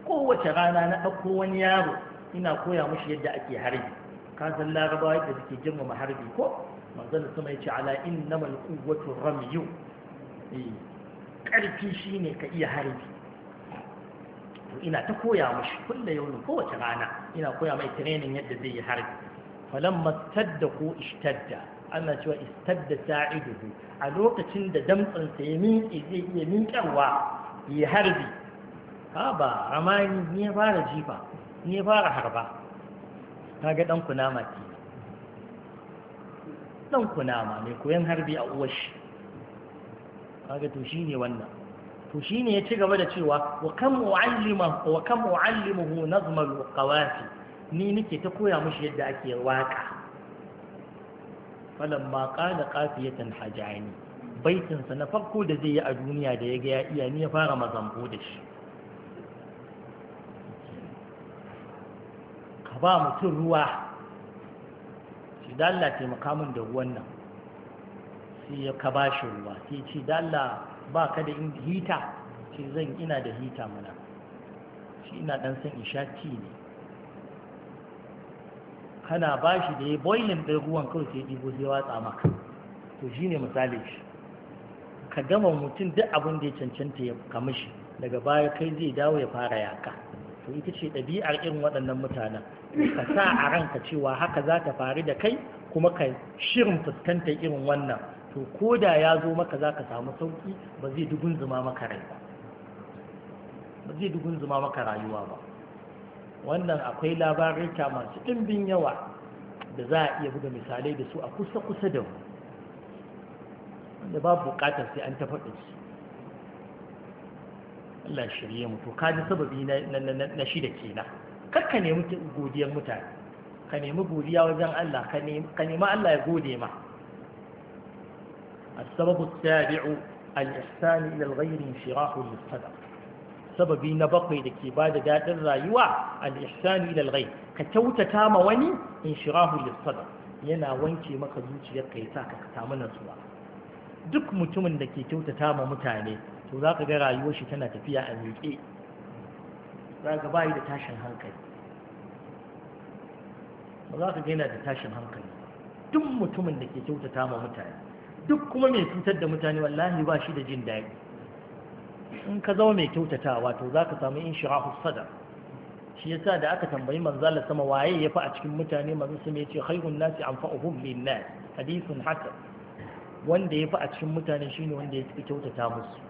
قوة غانا نأكو ونيارو إنا كويا مش يد أكي هربي كان لا رباية تذكي جمع محربي كو ما ظل سمعت على إنما القوة الرمي ƙarfi shi ne ka iya harbi to ina ta koya mashi kulle yau kowace rana ina koya mai tirenin yadda zai yi harbi falamma stadda ko ishtadda ana cewa istadda sa'iduhu a lokacin da damtsansa ya minke zai iya minkarwa ya harbi ha ba ramani ne ya fara jifa ne ya fara harba ta ga ɗan kunama ke dan kunama mai koyon harbi a uwashi kaga to shi ne wannan to shi ne ya ci gaba da cewa wa wa kan mu'allimahu nazmar qawati ni nake ta koya mashi yadda ake waka falamma qala qafiyatan hajani sa na farko da zai yi a duniya da ya ga ya iya ni ya fara mazambo da shi ka ba mutum ruwa shi da Allah taimaka min da ruwan nan sai ya ka ba shi ruwa sai ce da Allah ba ka da hita shi zan ina da hita mana shi ina dan san isha ci ne kana ba shi da ya boilin ɗin ruwan kawai sai ɗigo sai watsa maka to shi ne misali shi ka gama mutum duk abin da ya cancanta ya kamishi daga baya kai zai dawo ya fara yaka to ita ce ɗabi'ar irin waɗannan mutanen ka sa a ranka cewa haka za ta faru da kai kuma ka shirin fuskantar irin wannan to ko da ya zo maka za ka samu sauƙi ba zai dugun ba zai dugun zuma maka rayuwa ba wannan akwai labarika masu ɗimbin yawa da za a iya buga misalai da su a kusa-kusa da mu wanda babu bukatar sai an ta faɗi su Allah shirye mu to ka ji sababi na shi da ke na, ka nemi godiyar mutane ka nemi godiya wajen Allah ka nemi Allah ya gode ma السبب السابع الإحسان إلى الغير انشراح للصدق sababi na bakwai da ke ba da daɗin rayuwa al-ihsanu ila al ka kyautata ma wani inshirahu lis-sadr yana wanke maka zuciyar ka yasa ka samu nutsuwa duk mutumin da ke kyautata ma mutane to za ka ga rayuwar shi tana tafiya a miƙe za zaka bai da tashin hankali ba za ka ga yana da tashin hankali duk mutumin da ke kyautata ma mutane duk kuma mai cutar da mutane wallahi ba shi da jin daɗi in ka zama mai kyautatawa to za ka samu inshirahu sadar shi yasa da aka tambayi manzala sama waye ya fi a cikin mutane manzo sama ya ce khairun nasi anfa'uhum lin na hadithun hasan wanda ya fi a cikin mutane shine wanda ya fi kyautata musu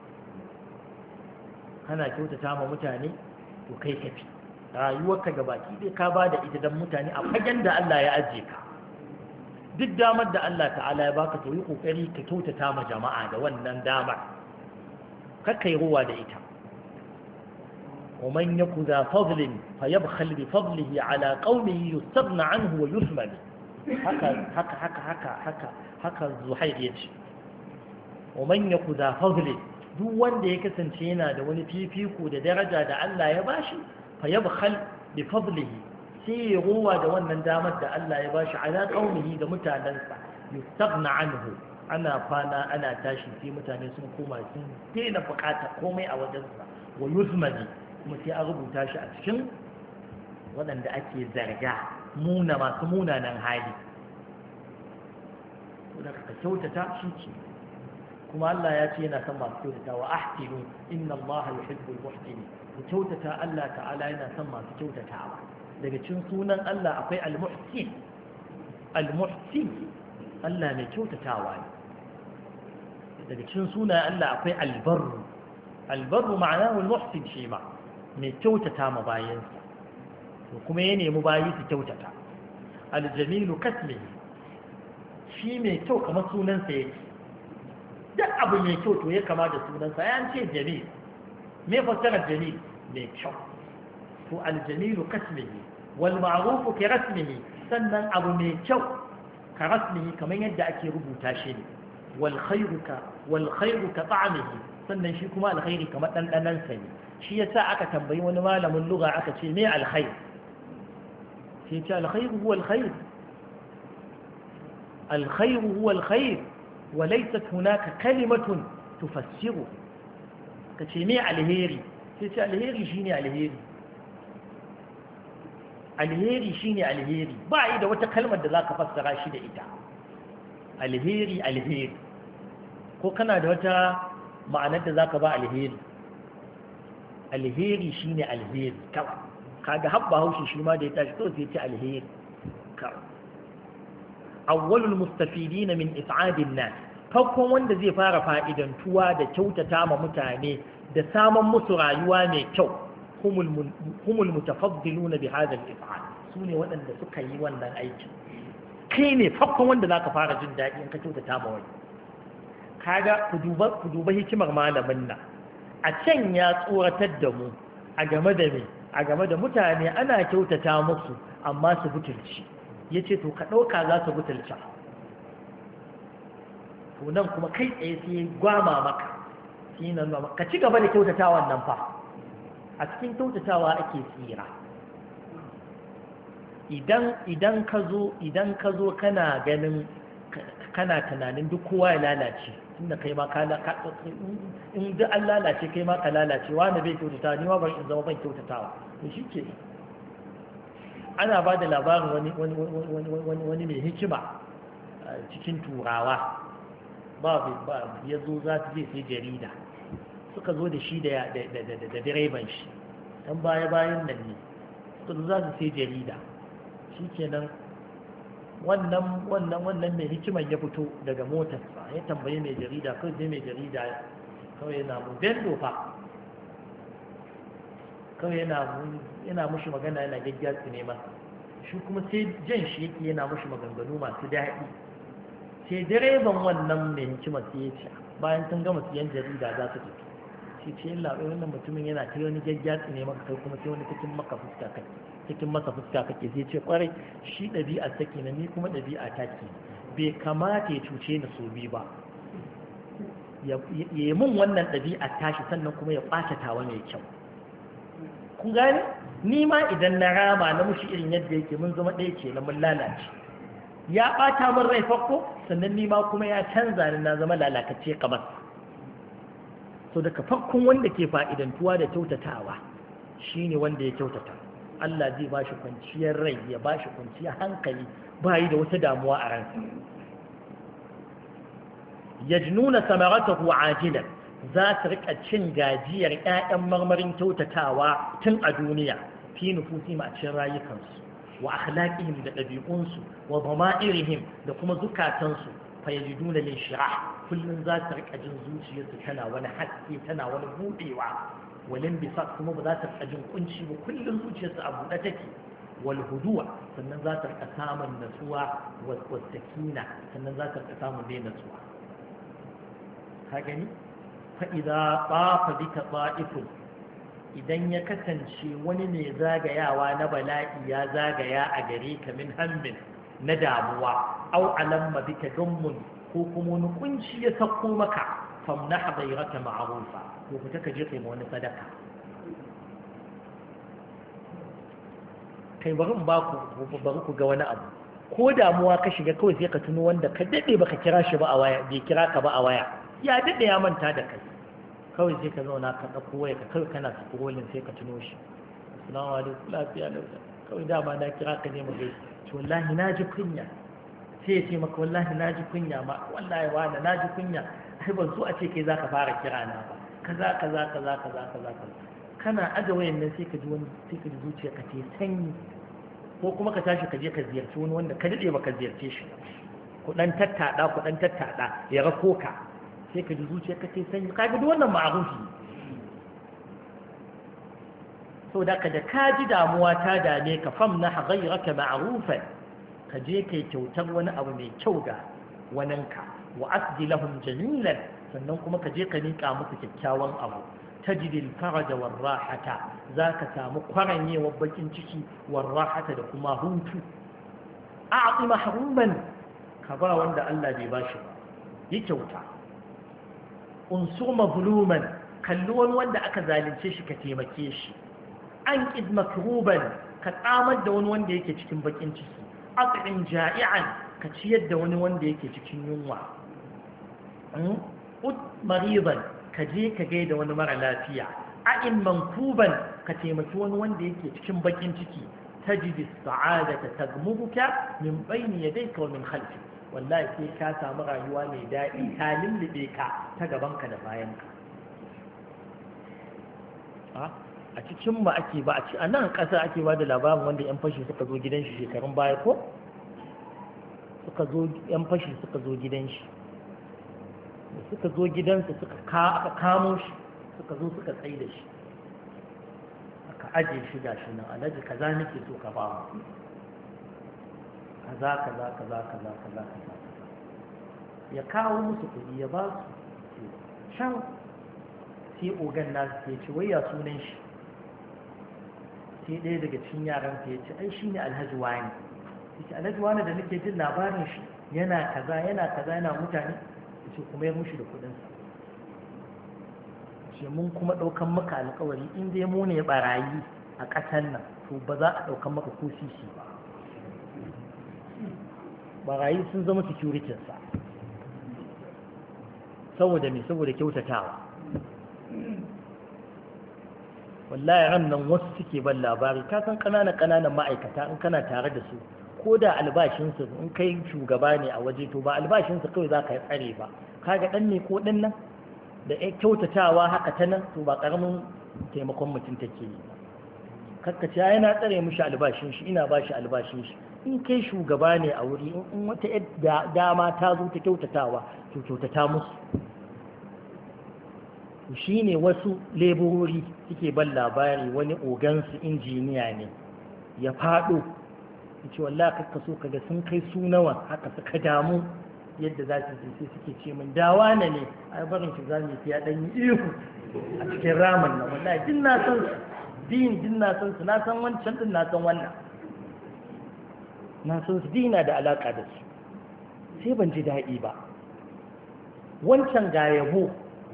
kana kyautata ma mutane to kai kafi rayuwarka gabaki dai ka ba da ita dan mutane a fagen da Allah ya ajiye ka duk damar da Allah ta'ala ya baka to yi kokari ka kyautata ma jama'a da wannan damar kakai yi ruwa da ita ومن يك ذا فضل فيبخل بفضله على قومه يستغنى عنه ويثمن هكا هكا هكا هكا هكا هكا الزحير يجي ومن يك فضل duk wanda ya kasance yana da wani fifiko da daraja da Allah ya bashi fa yabkhal bi fadlihi sai ya ruwa da wannan damar da Allah ya bashi ala qaumihi ga mutanansa anhu ana kwana ana tashi sai mutane sun koma sun daina bukata komai a wajensa wa yuzmani kuma sai an rubuta shi a cikin waɗanda ake zarga muna masu munanan hali da ka kyautata shi ce kuma Allah ya ce yana son masu kyautata wa ahsinu inna Allah yuhibbul muhsinin ku kyautata Allah ta'ala yana son masu kyautatawa daga cikin sunan Allah akwai al-muhsin al-muhsin Allah mai kyautatawa ne daga cikin suna Allah akwai albarru albarru ma'ana wal shi ma mai kyautata ma bayansa to kuma ya nemi bayi su kyautata aljamilu kasmi shi mai kyau kamar sunansa ya ce duk abu mai kyau to ya kama da sunansa ya ce jamil me fassarar jamil mai kyau to aljamilu kasmi wal ma'rufu ka rasmihi sannan abu mai kyau ka rasmihi kamar yadda ake rubuta shi ne walkhairuka walkhairuka ta'amihi sannan shi kuma alkhairi kamar ɗanɗanan sa ne shi yasa aka tambayi wani malamin lugha aka ce me alkhair sai ce alkhair huwa alkhair alkhair huwa alkhair wa laysat hunaka kalimatun tufassiru kace me alheri sai ce alheri shine alheri alheri shine alheri ba yi da wata kalmar da zaka fassara shi da ita alheri alheri ko kana da wata ma'anar da zaka ba alheri alheri shine alheri kawa. kaga habba haushi shi ma da ya tashi to sai ce alheri kawai awwalul mustafidina min is'adin nas farkon wanda zai fara fa'idantuwa da kyautata ma mutane da saman musu rayuwa mai kyau humul mutafaddiluna bi hadha al-if'al sune waɗanda suka yi wannan aikin kai ne farkon wanda zaka fara jin daɗi in ka kyautata ma wani kaga ku duba ku duba hikimar malamin nan a can ya tsoratar da mu a game da me a game da mutane ana kyautata musu amma su butulci yace to ka dauka za su butulci to nan kuma kai tsaye sai gwama maka shi nan ba ka ci gaba da kyautatawan nan fa a cikin kyautatawa ake tsira idan idan ka zo idan ka zo kana ganin kana tunanin duk kowa ya lalace tunda kai ma ka in duk an lalace kai ma ka lalace wani bai kyautata ni ma bari in zama ban kyautatawa to shi ke ana ba da labarin wani wani wani mai hikima cikin turawa ba ya zo za su je sai jarida suka zo da shi da direban shi dan baya bayan nan ne suka zo za su sai jarida shikenan wannan wannan wannan mai hikimar ya fito daga motarsa ya tambaye mai jarida kawai zai mai jarida kawai yana mu bello fa kawai yana mushi magana yana gaggiyarsu ne masa shi kuma sai jan shi yake yana mushi maganganu masu daɗi sai direban wannan mai hikimar sai ya ce bayan sun gama siyan jarida za su tafi ce ce yin laɓe wannan mutumin yana ta wani jajjatsi ne maka kai kuma sai wani cikin maka fuska kai cikin masa fuska kake sai ce kwarai shi ɗabi'a ta kenan ni kuma ɗabi'a ta ke bai kamata ya cuce ni so biyu ba ya yi mun wannan ɗabi'a tashi sannan kuma ya ɓata wani ya kyau kun gane ni ma idan na rama na mushi irin yadda yake mun zama ɗaya ke na mun lalace ya ɓata min rai farko sannan ni ma kuma ya canza ni na zama lalakacce kamar so daga farkon wanda ke fa'idantuwa da kyautatawa ne wanda ya kyautata Allah zai ba shi kwanciyar rai ya ba shi kwanciyar hankali bayi da wata damuwa a ransa yajnuna samaratahu ajilan za su riƙa cin gajiyar 'ya'yan marmarin kyautatawa tun a duniya fi nufusihim a cikin rayukansu wa akhlaqihim da ɗabi'unsu wa dama'irihim da kuma zukatansu fayajiduna lin shirah kullun za ta rika jin zuciyarsu tana wani haske tana wani buɗewa. walin bisa kuma ba za ta rika jin kunci ba kullun zuciyarsu a buɗe take wal huduwa sannan za ta rika samun natsuwa wal sakina sannan za ta rika samun dai natsuwa ka gani fa idza tafa bika ta'ifun idan ya kasance wani mai zagayawa na bala'i ya zagaya a gare ka min hammin na damuwa au alamma bika gammun ko kuma wani kunci ya sako maka famnaha bayraka ma'rufa ko fita ka je kai ma wani sadaka kai bari ba ku bari ku ga wani abu ko damuwa ka shiga kawai sai ka tuno wanda ka dade baka kira shi ba a waya bai kira ka ba a waya ya dade ya manta da kai kawai sai ka zauna ka dauko waya ka kawai kana scrolling sai ka tuno shi assalamu alaikum lafiya lafiya kawai dama na kira ka ne mu gaisa wallahi na ji kunya sai ya ce maka wallahi na ji kunya ma wallahi wani na ji kunya ai ban so a ce kai za ka fara kira na ba kaza kaza kaza kaza kaza kaza kana aje wayan nan sai ka ji wani sai ka ji zuciya ka ce sanyi ko kuma ka tashi ka je ka ziyarci wani wanda ka dade baka ziyarce shi ku ɗan tattada ku ɗan tattada ya rako ka sai ka ji zuciya ka ce sanyi kaga duk wannan ma'arufi so da ka da ka ji damuwa ta dame ka fam na hagaira ka ma'arufan ka je kai kyautar wani abu mai kyau ga waninka wa asdi lahum jamilan sannan kuma ka je ka nika musu kyakkyawan abu tajidil faraja war rahata zaka samu kwaranyewar bakin ciki war rahata da kuma hutu a'ti mahruman ka ba wanda Allah bai bashi ba yi kyauta unsur mazluman kalli wani wanda aka zalunce shi ka taimake shi an ƙid makruban ka tsamar da wani wanda yake cikin bakin ciki aqin ja'i'an ka ciyar da wani wanda yake cikin yunwa hmm? ut mariban ka je ka gai da wani mara lafiya a'in mankuban ka taimaki wani wanda yake cikin bakin ciki tajidi sa'adata tagmuka min bayni yadayka wa min khalfik wallahi sai ka samu rayuwa mai daɗi ta lullube ka ta gabanka da bayanka a cikin ma ake ba a ci a nan ƙasa ake ba da labarin wanda 'yan fashi suka zo gidan shi shekarun baya ko suka zo 'yan fashi suka zo gidan shi suka zo gidansa suka kamo shi suka zo suka tsaye da shi aka ajiye shi ga shi nan alhaji kaza nake so ka ba mu kaza kaza kaza kaza kaza kaza ya kawo musu kuɗi ya ba su shan sai ogan nasu ya ce wai ya sunan shi sai ɗaya daga cikin yaran ta ya ce ai shi ne alhaji wani ya ce alhaji wani da nake jin labarin shi yana kaza yana kaza yana mutane ya ce kuma ya mushi da kuɗinsa ce mun kuma ɗaukan maka alkawari in dai mu ne barayi a ƙasar nan to ba za a ɗaukan maka ko sisi ba barayi sun zama securitinsa saboda me saboda kyautatawa wallahi ran nan wasu suke ban labari ka san ƙananan ƙananan ma'aikata in kana tare da su ko da albashinsu in kai shugaba ne a waje to ba albashinsu kawai za ka yi tsare ba kaga ɗan ne ko ɗan nan da ya kyautatawa haka ta nan to ba ƙaramin taimakon mutum take yi kakkace yana tsare mushi albashin shi ina bashi albashin shi in kai shugaba ne a wuri in wata dama ta zo ta kyautatawa to kyautata musu shi ne wasu leburori suke ban labari wani ogansu injiniya ne ya faɗo ya ce wallah kakka so kaga sun kai su nawa haka suka damu yadda za su je sai suke ce min dawa na ne a barin shi za mu yi ya ɗan yi ihu a cikin ramar na wallahi din na san su din din na san su na san wancan din na san wannan na san su dina da alaka da su sai ban ji daɗi ba wancan ga yabo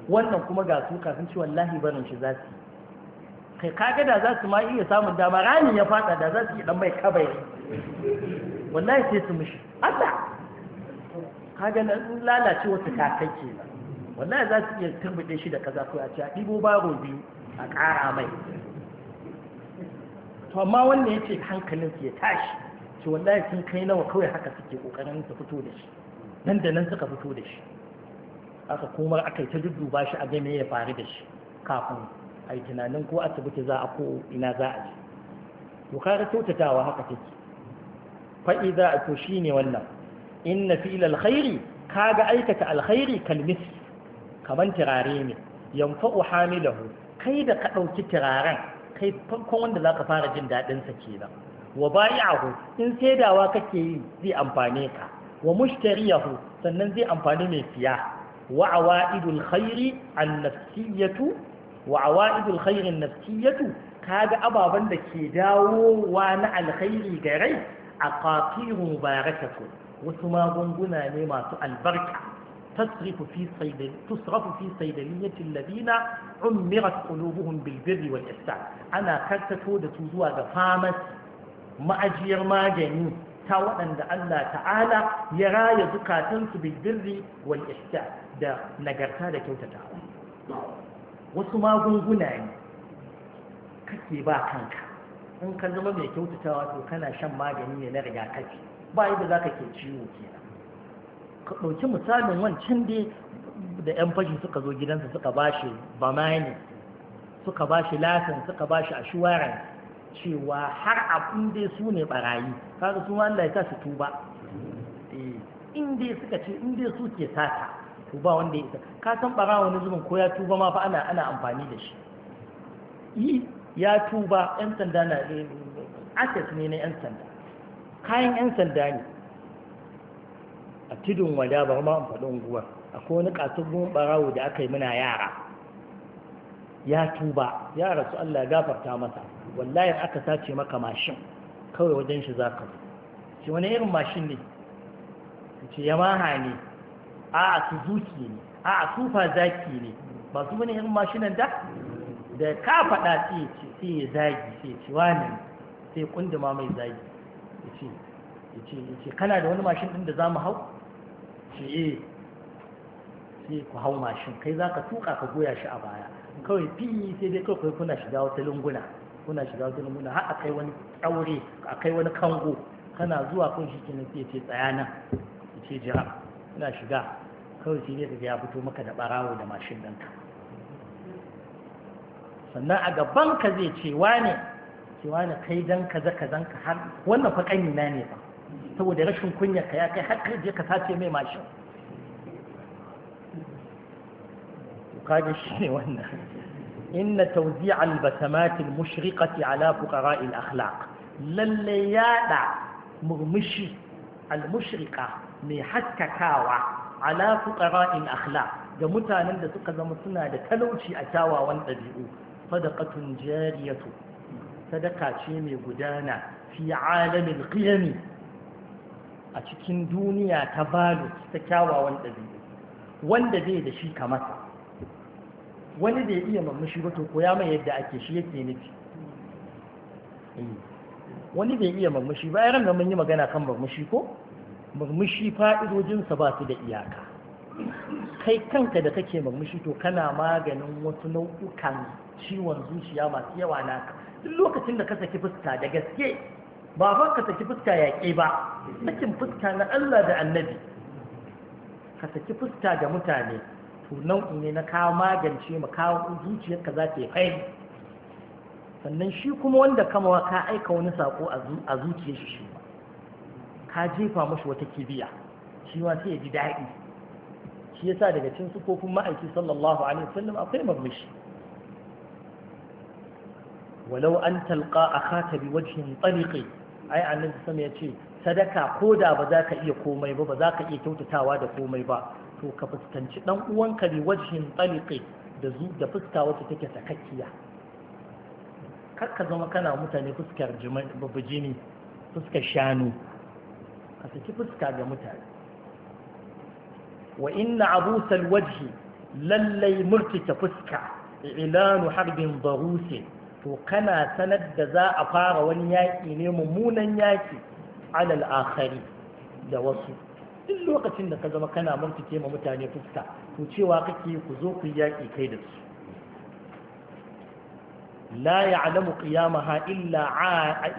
wannan kuma ga su kafin ci wallahi barin shi za su kai kaga da za su ma iya samun dama rani ya fada da za su yi dan mai kabai wallahi sai su mishi Allah kaga na lalace wata kakai ke wallahi za su iya turbide shi da kaza ko a ci a ɗibo baro biyu a ƙara mai to amma wannan yace hankalin su ya tashi ce wallahi sun kai nawa kawai haka suke ƙoƙarin su fito da shi nan da nan suka fito da shi aka kuma aka yi ta dudduba shi a game ya faru da shi kafin a yi tunanin ko asibiti za a ko ina za a je to kaga kyautatawa haka take fa'iza to shine wannan inna fi'il alkhairi kaga aikata alkhairi kalmis Kamar tirare ne yanfa'u hamilahu kai da ka ɗauki tiraren kai farkon wanda zaka fara jin daɗin sa kenan wa bai'ahu in saidawa kake yi zai amfane ka wa mushtariyahu sannan zai amfani mai siya wa awaidul khairi an-nafsiyatu ababan da ke dawowa na alkhairi ga rai a qatirun mubarakatu wasu magunguna ne masu albarka تصرف في صيدل تصرف في صيدلية الذين عمرت قلوبهم بالبر والإحسان أنا كرتفو دتوزوا فامس ما أجير ما جنيه ta waɗanda Allah ta'ala ya raya zukatansu bil birri wal ihsa da nagarta da kyautatawa wasu magunguna ne kake ba kanka in ka zama mai kyautatawa to kana shan magani ne na kafi. ba yadda za ka ke ciwo kenan ka ɗauki misalin wancan dai da 'yan fashi suka zo gidansa suka ba shi bamani suka ba shi suka ba shi ashuwaran cewa har abin dai su ne barayi kaga su ma Allah ya sa su tuba eh, in dai suka ce in dai su ke sata to ba wanda ya isa ka san barawa wani zubin ko ya tuba ma fa ana ana amfani da shi yi ya tuba yan sanda na asset ne na yan sanda kayan yan sanda ne a tudun wada ba ma amfani unguwa akwai wani kasurgun barawo da aka yi muna yara ya tuba ya rasu Allah ya gafarta masa wallahi aka sace maka mashin kawai wajen shi za ka ce wani irin mashin ne ce yamaha ne a suzuki ne a sufa zaki ne ba su wani irin mashinan da da ka faɗa sai ya zagi sai ya ce wani sai kunduma mai zagi ya ce ya ce kana da wani mashin ɗin da za mu hau ce eh sai ku hau mashin kai za ka tuka ka goya shi a baya kawai fi sai dai kawai kuna shiga wata lunguna kuna shiga wata lunguna har a kai wani aure a kai wani kango kana zuwa kun shi kenan sai ce tsaya nan ce jira kuna shiga kawai sai dai kaga ya fito maka da barawo da mashin danka. sannan a gaban ka zai ce wane ce wane kai dan kaza kaza ka har wannan fa kanina ne fa saboda rashin kunya ka ya kai har kai je ka sace mai mashin kaga shi ne wannan inna tawzi' al-basamat mushriqati ala fuqara akhlaq lalle yada murmushi al mai haskakawa ala fuqara akhlaq ga mutanen da suka zama suna da talauci a kyawawan ɗabi'u sadaqatun jariyatu sadaka ce mai gudana fi alamin qiyami a cikin duniya ta balu ta kyawawan ɗabi'u wanda bai da shi kamata wani da ya iya murmushi ba to koya mai yadda ake shi yake nufi eh, wani da ya iya murmushi ba yaran da mun yi magana kan murmushi ko murmushi fa'idojinsa ba su da iyaka kai kanka da kake murmushi to kana maganin wasu nau'ukan ciwon zuciya masu yawa naka duk lokacin da ka saki fuska da gaske ba fa ka saki fuska ke ba sakin fuska na Allah da annabi ka saki fuska da mutane to nau'i ne na kawo magance ma kawo zuciyarka za ta yi fahimta sannan shi kuma wanda kamawa ka aika wani sako a zuciyar shi ka jefa mashi wata kibiya shi ma sai ya ji daɗi shi yasa daga cin sufofin ma'aiki sallallahu alaihi wasallam akwai murmushi walau an talqa akhaka bi wajhin tariqi ai annabi sama ya ce sadaka ko da ba za ka iya komai ba ba za ka iya kyautatawa da komai ba to ka fuskanci dan uwanka bi wajhin taliqi da zu da fuska wacce take sakakkiya kar ka zama kana mutane fuskar bijini fuska shanu ka saki fuska ga mutane wa inna abusal wajhi lallai murtita fuska ilanu harbin barusi to kana sanar da za a fara wani yaƙi ne mummunan yaƙi alal akhari da wasu duk lokacin da ka zama kana murtuke ma mutane fuska to cewa kake ku zo ku yaƙi kai da su la ya'lamu qiyamaha illa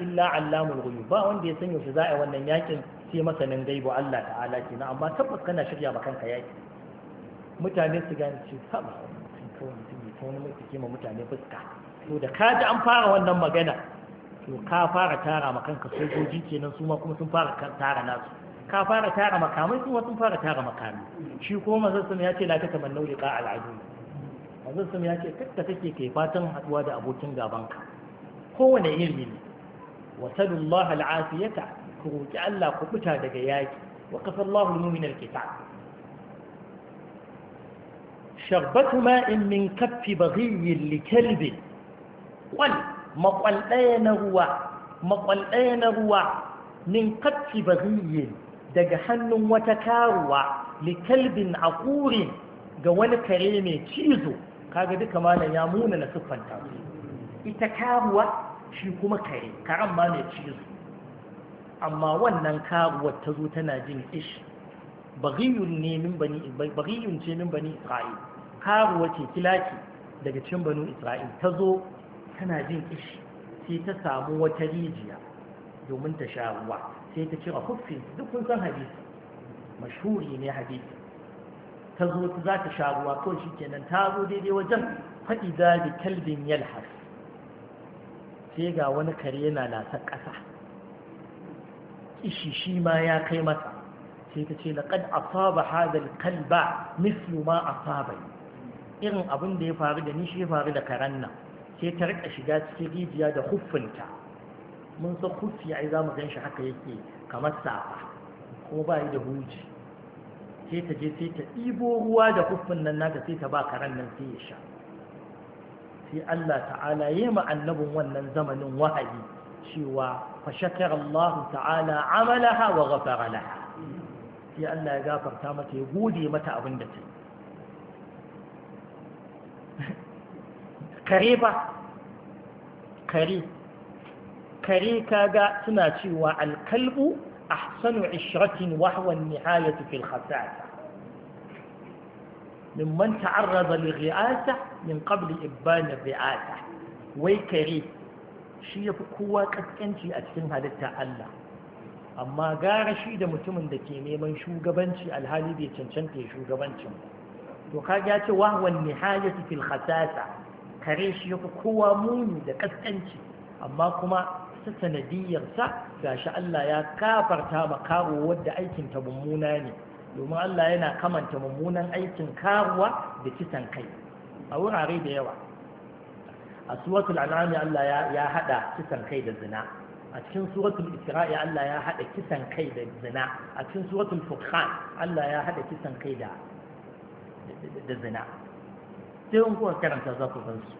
illa allamul ghuyub ba wanda ya sanya shi za a wannan yakin sai masanin gaibu Allah ta'ala kenan amma tabbas kana shirya ba kanka yaki mutane su gane ce kama kawai mutum ya ta wani murtuke ma mutane fuska to da ka ji an fara wannan magana to ka fara tara ma kanka sojoji kenan su ma kuma sun fara tara nasu ka fara tara makamai kuma sun fara tara makamai shi ko manzon sun ya ce la ta tamanna liqa al al'adu. manzon sun ya ce kakka take kai fatan haduwa da abokin gabanka kowane ilmi ne wa sallallahu al ku roki Allah ku fita daga yaki wa kafallahu al mu'min al kitab sharbatu ma'in min kaffi baghiyyin li kalbin wal makwal na ruwa makwal na ruwa min kaffi baghiyyin daga hannun wata karuwa likalbin ƙurin, ga wani kare mai cizo kaga duka malam ya muna na siffanta su ita karuwa shi kuma kare karan ma mai cizo amma wannan karuwar ta zo tana jin ish bagiyun ce min bani isra'il karuwa ce kilaki daga cikin banu isra'il ta zo tana jin ish sai ta samu wata rijiya domin ta sha ruwa sai ta cire kuffi duk kun san hadisi mashhuri ne hadisi ta zo ta za ta sha ruwa kawai shi kenan ta zo daidai wajen faɗi za bi kalbin yalhas sai ga wani kare yana lasar ƙasa kishi shi ma ya kai masa sai ta ce laƙad asaba hadal kalba mislu ma asaba irin abin da ya faru da ni shi ya faru da karen nan sai ta rika shiga cikin rijiya da huffinta mun san kufi ai za mu gan shi haka yake kamar safa kuma ba yi da huji sai ta je sai ta ɗibo ruwa da kuffin nan naka sai ta ba karen nan sai ya sha sai Allah ta'ala yi ma annabin wannan zamanin wahayi cewa fa shakara Allah ta'ala amalaha wa ghafara laha sai Allah ya gafarta mata ya gode mata abin da ta yi [laughs] kare ba kare kare kaga suna cewa alkalbu ahsanu ishratin wahwan nihayatu fil khasasa mimman ta'arraza li ri'asa min qabli ibban ri'asa wai kare shi fi kowa kaskanci a cikin halitta Allah amma gara shi da mutumin da ke neman shugabanci alhali bai cancanta ya shugabancin to kaga ya ce wahwan nihayatu fil khasasa kare shi yafi kowa muni da kaskanci amma kuma ta sanadiyarsa shi Allah ya kafarta ma karuwa wadda aikin ta mummuna ne domin Allah yana kamanta mummunan aikin karuwa da kisan kai a wurare da yawa a suratul an'am Allah ya hada kisan kai da zina a cikin suratul isra'i Allah ya hada kisan kai da zina a cikin suratul furqan Allah ya hada kisan kai da da zina sai in kuka karanta za ku san su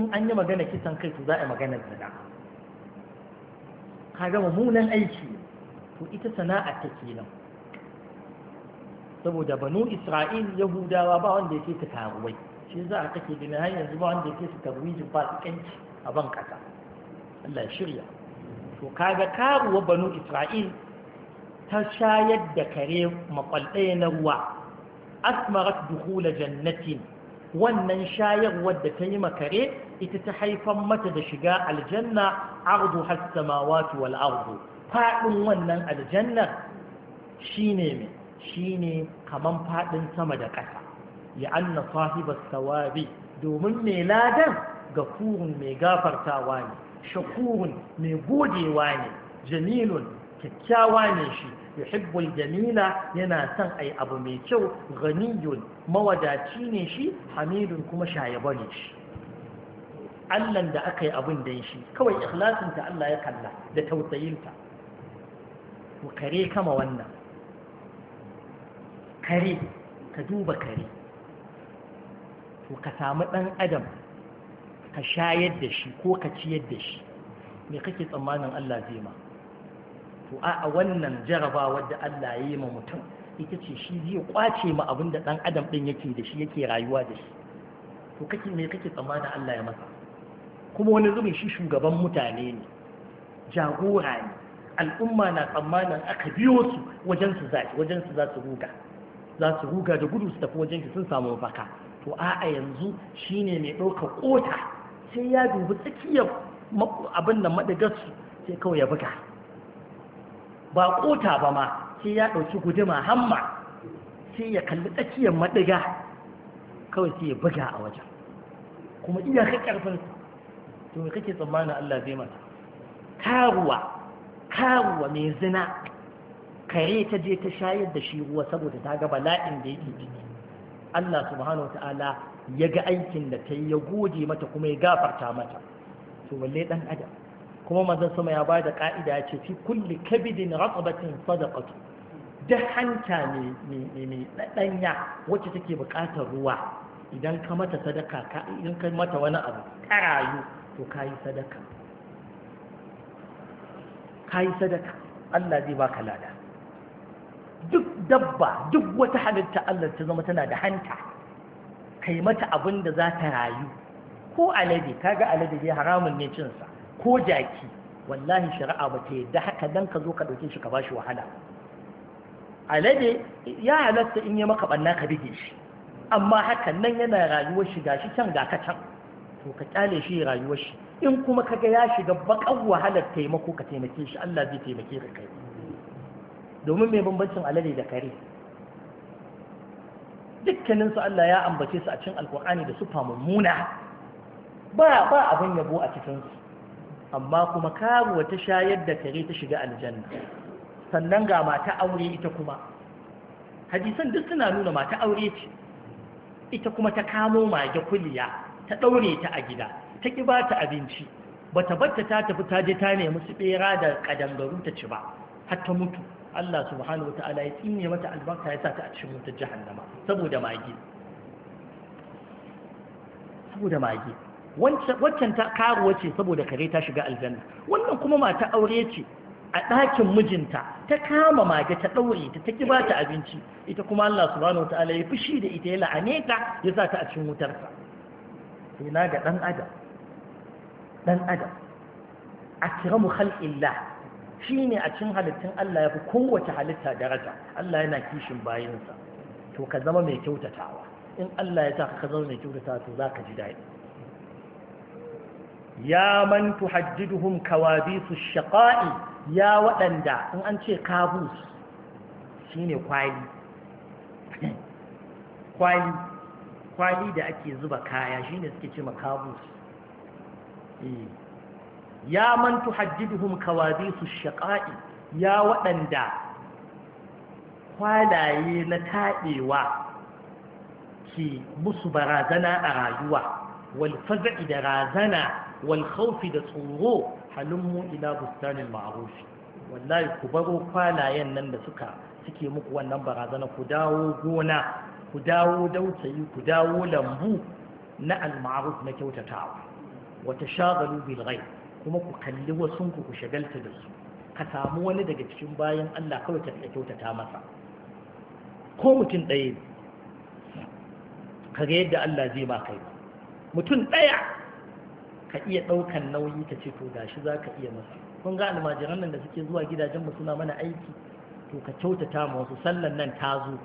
in an yi magana kisan kai to za a yi magana zina kaga mummunan aiki to ita sana'a ta kenan saboda banu isra'il yahudawa ba wanda yake ta karuwai shi za a kake gani har yanzu ba wanda yake su tarwijin fasikanci a ban kasa Allah shirya to kaga karuwa banu isra'il ta shayar da kare makwalɗaya na ruwa asmarat dukhula jannatin wannan shayarwar da ta yi makare ita ta haifan mata da shiga aljanna ardu has wal ardu wannan aljannar shine me kaman faɗin sama da ƙasa ya anna sahibas sawabi domin mai ladan gafurun mai gafartawa ne shakurun mai godewa ne jamilun kyakkyawa ne shi yuhibbul jamila yana son ai abu mai kyau ganiyun mawadaci ne shi hamidun kuma shayaba ne shi allan da aka yi abin da ya shi kawai ikhlasinta allah ya kalla da tausayinta mu kare kama wannan kare ka duba kare to ka samu ɗan adam ka shayar da shi ko ka ciyar da shi me kake tsammanin allah zai ma to a wannan jarabawar da allah ya yi ma mutum ita ce shi zai kwace ma abin da ɗan adam ɗin yake da shi yake rayuwa da shi to kake me kake tsammanin Allah ya masa kuma wani zubin shi shugaban mutane ne jagora ne al'umma na tsammanin aka biyo su wajen su zaki wajen su za su ruga za su ruga da gudu su tafi wajen su sun samu faka. to a'a yanzu shine mai ɗaukar kota sai ya dubi tsakiyar abin da maɗigarsu sai kawai ya buga ba kota ba ma sai ya ɗauki guduma hamma sai ya kalli tsakiyar maɗiga kawai sai ya buga a wajen kuma iya iyakar ƙarfinsa to me kake tsammanin Allah zai mata karuwa karuwa mai zina kare ta je ta shayar da shi ruwa saboda ta ga bala'in da yake ciki Allah subhanahu wataala ya ga aikin da ta yi ya gode mata kuma ya gafarta mata to walle dan adam kuma manzon sama ya bada ka'ida ya ce fi kulli kabidin ratbatin sadaqatu da hanta ne ɗanya wacce take bukatar ruwa idan ka mata sadaka idan ka mata wani abu karayu to kayi sadaka kayi sadaka Allah zai baka lada duk dabba duk wata halitta Allah ta zama tana da hanta kai mata abin da za ta rayu ko alade kaga alade dai haramun ne cinsa ko jaki wallahi shari'a ba ta yadda haka dan ka zo ka dauke shi ka ba shi wahala alade ya halatta in yi maka banna ka bige shi amma hakan nan yana rayuwar shi gashi can ga ka can to ka kyale shi rayuwar shi in kuma kaga ya shiga bakan wahalar taimako ka taimake shi Allah zai taimake ka kai domin mai bambancin alade da kare dukkanin su Allah ya ambace su a cikin alkur'ani da su mummuna ba ba abin yabo a cikin su amma kuma karuwa ta shayar da kare ta shiga aljanna sannan ga mata aure ita kuma hadisan duk suna nuna mata aure ce ita kuma ta kamo mage kuliya ta ɗaure ta a gida ta ƙi ba ta abinci ba ta batta ta tafi ta je ta nemi su ɓera da ƙadangaru ta ci ba har ta mutu Allah subhanahu wa ta'ala ya tsine mata albarka ya sa ta a cikin wutar jahannama saboda magi saboda magi waccan ta karuwa ce saboda kare ta shiga aljanna wannan kuma mata aure ce a ɗakin mijinta ta kama mage ta ɗaure ta ta ta abinci ita kuma Allah subhanahu wa ta'ala ya fushi da ita ya la'ane ta ya sa ta a cikin wutarsa ina ga ɗan adam ɗan adam akramu shi ne a cikin halittun Allah yafi kowace halitta daraja Allah yana kishin bayinsa to ka zama mai kyautatawa in Allah ya sa ka zama mai kyautatawa to za ka ji daɗi ya man tuhajjiduhum kawabisu shaqa'i ya waɗanda in an ce kabus shine kwali kwali kwali da ake zuba kaya shine suke ce makabus eh. ya man tuhaddiduhum kawabisu shaqa'i ya waɗanda kwalaye na taɗewa ke musu barazana a rayuwa walfaza'i da razana walkaufi da tsoro halummu ila bustanil ma'ruf wallahi ku baro kwalayen nan da suka suke muku wannan barazana ku dawo gona ku dawo dausayi ku dawo lambu na al-ma'ruf na kyautatawa wa tashaghalu bil ghaib kuma ku kalli wasun ku ku shagalta da su ka samu wani daga cikin bayan Allah kawai ka kyautata masa ko mutum ɗaya ne, kaga yadda Allah zai ba kai mutum ɗaya ka iya ɗaukan nauyi ka ce to gashi za ka iya masa kun ga almajiran nan da suke zuwa gidajen mu suna mana aiki to ka kyautata ma wasu sallan nan ta zo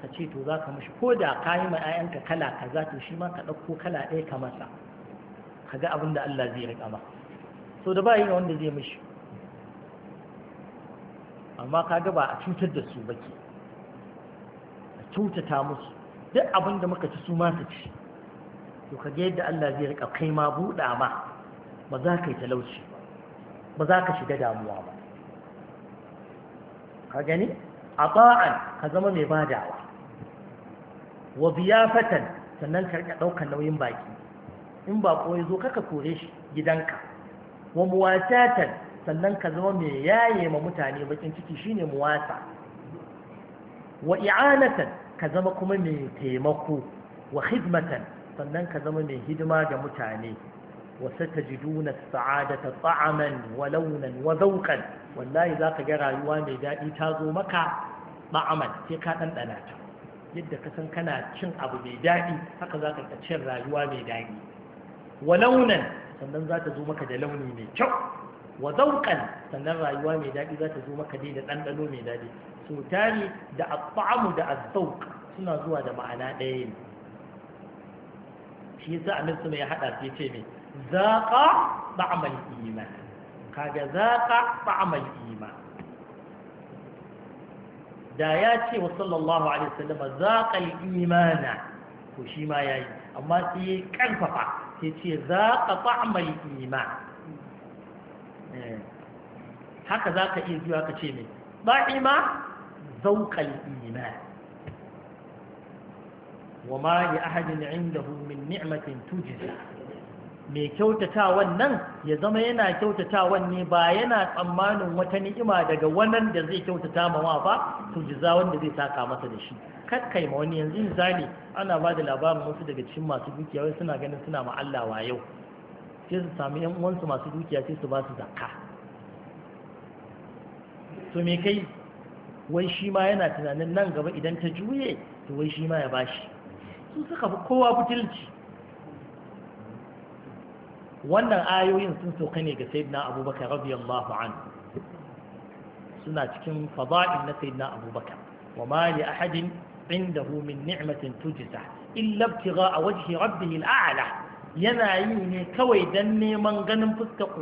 ka ce to za ka mashi ko da ka yi ma 'ya'yanka kala ka za to shi ma ka ɗauko kala ɗaya ka masa ka ga abin da Allah zai riƙa ma so da ba yi wanda zai mashi amma ka ga ba a cutar da su baki a cutata musu duk abin da muka ci su ma ka ci to ka ga yadda Allah zai riƙa kai ma buɗa ma ba za ka yi talauci ba za ka shiga damuwa ba ka gani a ba'an ka zama mai badawa wa biyafatan sannan karka ɗaukar nauyin baki in bako ya zo kaka kore shi gidanka wa muwasatan sannan ka zama mai yaye ma mutane bakin ciki shine muwasa wa i'anatan ka zama kuma mai taimako wa khidmatan sannan ka zama mai hidima ga mutane wa satajiduna sa'adata ta'aman wa launan wa zawqan wallahi zaka ga rayuwa mai daɗi ta zo maka ta'aman sai ka ɗanɗana ta yadda ka san kana cin abu mai daɗi haka za ka cin rayuwa mai daɗi wa launan sannan za ta zo maka da launi mai kyau wa zauƙan sannan rayuwa mai daɗi za ta zo maka dai da ɗanɗano mai daɗi so tare da abba'amu da azzauk suna zuwa da ma'ana ɗaya ne shi yasa amin suna ya haɗa sai ce mai zaƙa ba'amal iman kaga zaƙa ba'amal iman da ya ce wa sallallahu alaihi wasallam zaqal imana ko shi ma yayi amma sai ya karfafa sai ce ka ta'mal iman eh, haka ka iya zuwa ka ce me ba'ima zauqal iman وما ahadin عنده min ni'matin تجزى mai kyautatawan nan ya zama yana kyautata ne ba yana tsammanin wata ni'ima daga wannan da zai kyautata mawa ba to jiza wanda zai saka masa da shi kakkai ma wani yanzu misali ana ba da labarin wasu daga cikin masu dukiya wai suna ganin suna ma Allah wa yau sai su sami yan uwansu masu dukiya sai su ba su zakka to me kai wai shi ma yana tunanin nan gaba idan ta juye to wai shi ma ya bashi su suka fi kowa butulci wannan ayoyin sun soka ne ga sayyidina abubakar radiyallahu anhu suna cikin fada'in na sayyidina abubakar wa ma li ahadin indahu min ni'matin tujza illa ibtigha'a wajhi rabbih al'ala yana yi ne kawai dan neman ganin fuskar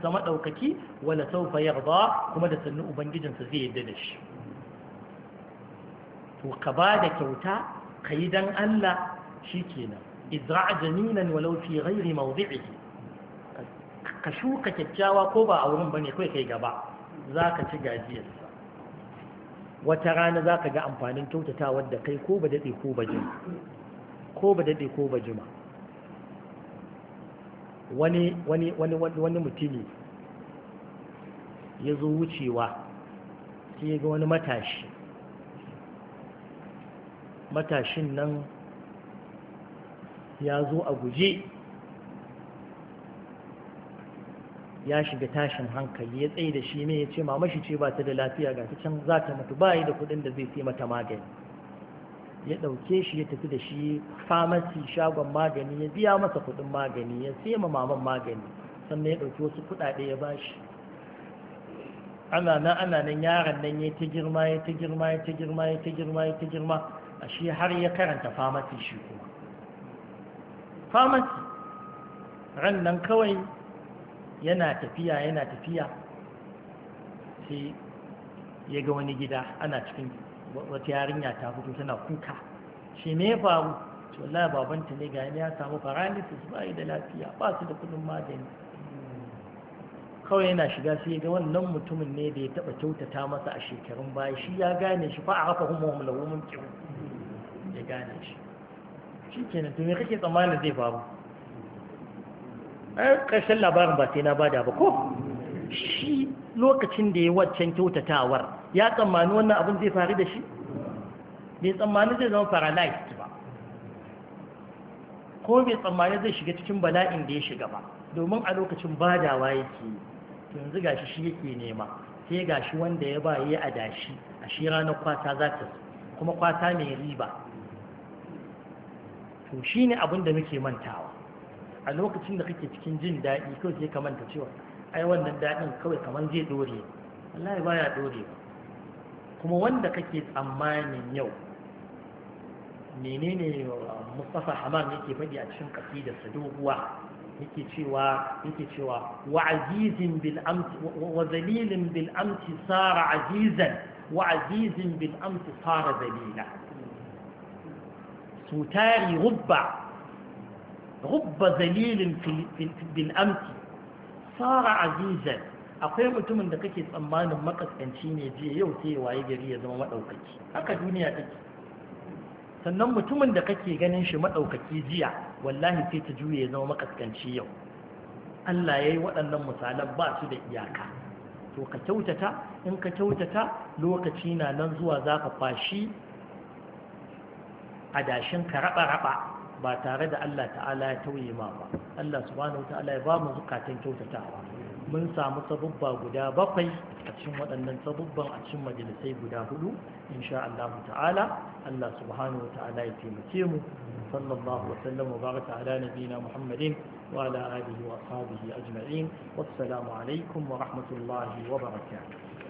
sa madaukaki wala sawfa yarda kuma da sannu ubangijin sa zai yarda da shi to ka ba da kyauta kai dan Allah shikenan izra'a jamilan walau fi ghairi mawdi'ihi ka shuka kyakkyawa ko ba a wurin ba ne kai kai gaba za ka ci gajiyarsa wata rana za ka ga amfanin kyautatawar da kai ko ba daɗe ko ba jima ko ba daɗe ko ba jima wani mutumi ya zo wucewa sai ya ga wani matashi matashin nan ya zo a guje ya shiga tashin hankali ya tsaye da shi ne ya ce mamashi ce ba ta da lafiya ga can za ta mutu ba da kudin da zai sai mata magani ya ɗauke shi ya tafi da shi famasi shagon magani ya biya masa kudin magani ya sai ma maman magani sannan ya ɗauki wasu kuɗaɗe ya bashi ana nan ana yaron nan ya ta girma ya ta girma ya ta girma ya ta girma ya ta girma a shi har ya karanta famasi shi kuma famasi ran nan kawai yana tafiya yana tafiya sai ya ga wani gida ana cikin wata yarinya ta fito tana kuka shi me ya faru to babanta ne ga ya samu paralysis ba da lafiya ba su da kudin magani kawai yana shiga sai ga wannan mutumin ne da ya taba kyautata masa a shekarun baya shi ya gane shi fa a haka kuma wa mulawumin ya gane shi shi kenan to me kake tsammanin zai faru ai ƙarshen labarin ba sai na bada ba ko shi lokacin da ya waccan kyautatawar ya tsammani wannan abin zai faru da shi bai tsammani zai zama paralyzed ba ko bai tsammani zai shiga cikin bala'in da ya shiga ba domin a lokacin badawa yake yanzu gashi shi yake nema sai gashi wanda ya ba ya adashi a shi ranar kwata za ta kuma kwata mai riba to shine abin da muke mantawa a lokacin da kake cikin jin daɗi kawai sai ka manta cewa ai wannan daɗin kawai kamar zai dore wallahi baya dore kuma wanda kake tsammanin yau menene uh, Mustafa Hamam yake faɗi a cikin kasidarsa doguwa yake cewa yake cewa wa azizin bil amti wa zalilin bil amti sara azizan wa azizin bil amti sara zalila sutari rubba rubba zalilin Bil'amti, amsi sara azizan akwai mutumin da kake tsammanin makaskanci ne jiya yau sai waye gari ya zama maɗaukaki? haka duniya take sannan mutumin da kake ganin shi maɗaukaki jiya wallahi sai ta juye ya zama makaskanci yau Allah yayi waɗannan misalan ba su da iyaka to ka kyautata in ka kyautata lokaci na nan zuwa zaka kwashi adashin ka raba raba ba tare da Allah ta'ala ya tauye ma ba Allah subhanahu ta'ala ya ba mu zukatan kyautatawa mun samu sabubba guda bakwai a cikin waɗannan sabubban a cikin majalisai guda hudu insha Allah ta'ala Allah subhanahu ta'ala ya taimake mu sallallahu wa sallam wa baraka ala nabina Muhammadin wa ala alihi wa ashabihi ajma'in wassalamu alaikum wa rahmatullahi wa barakatuh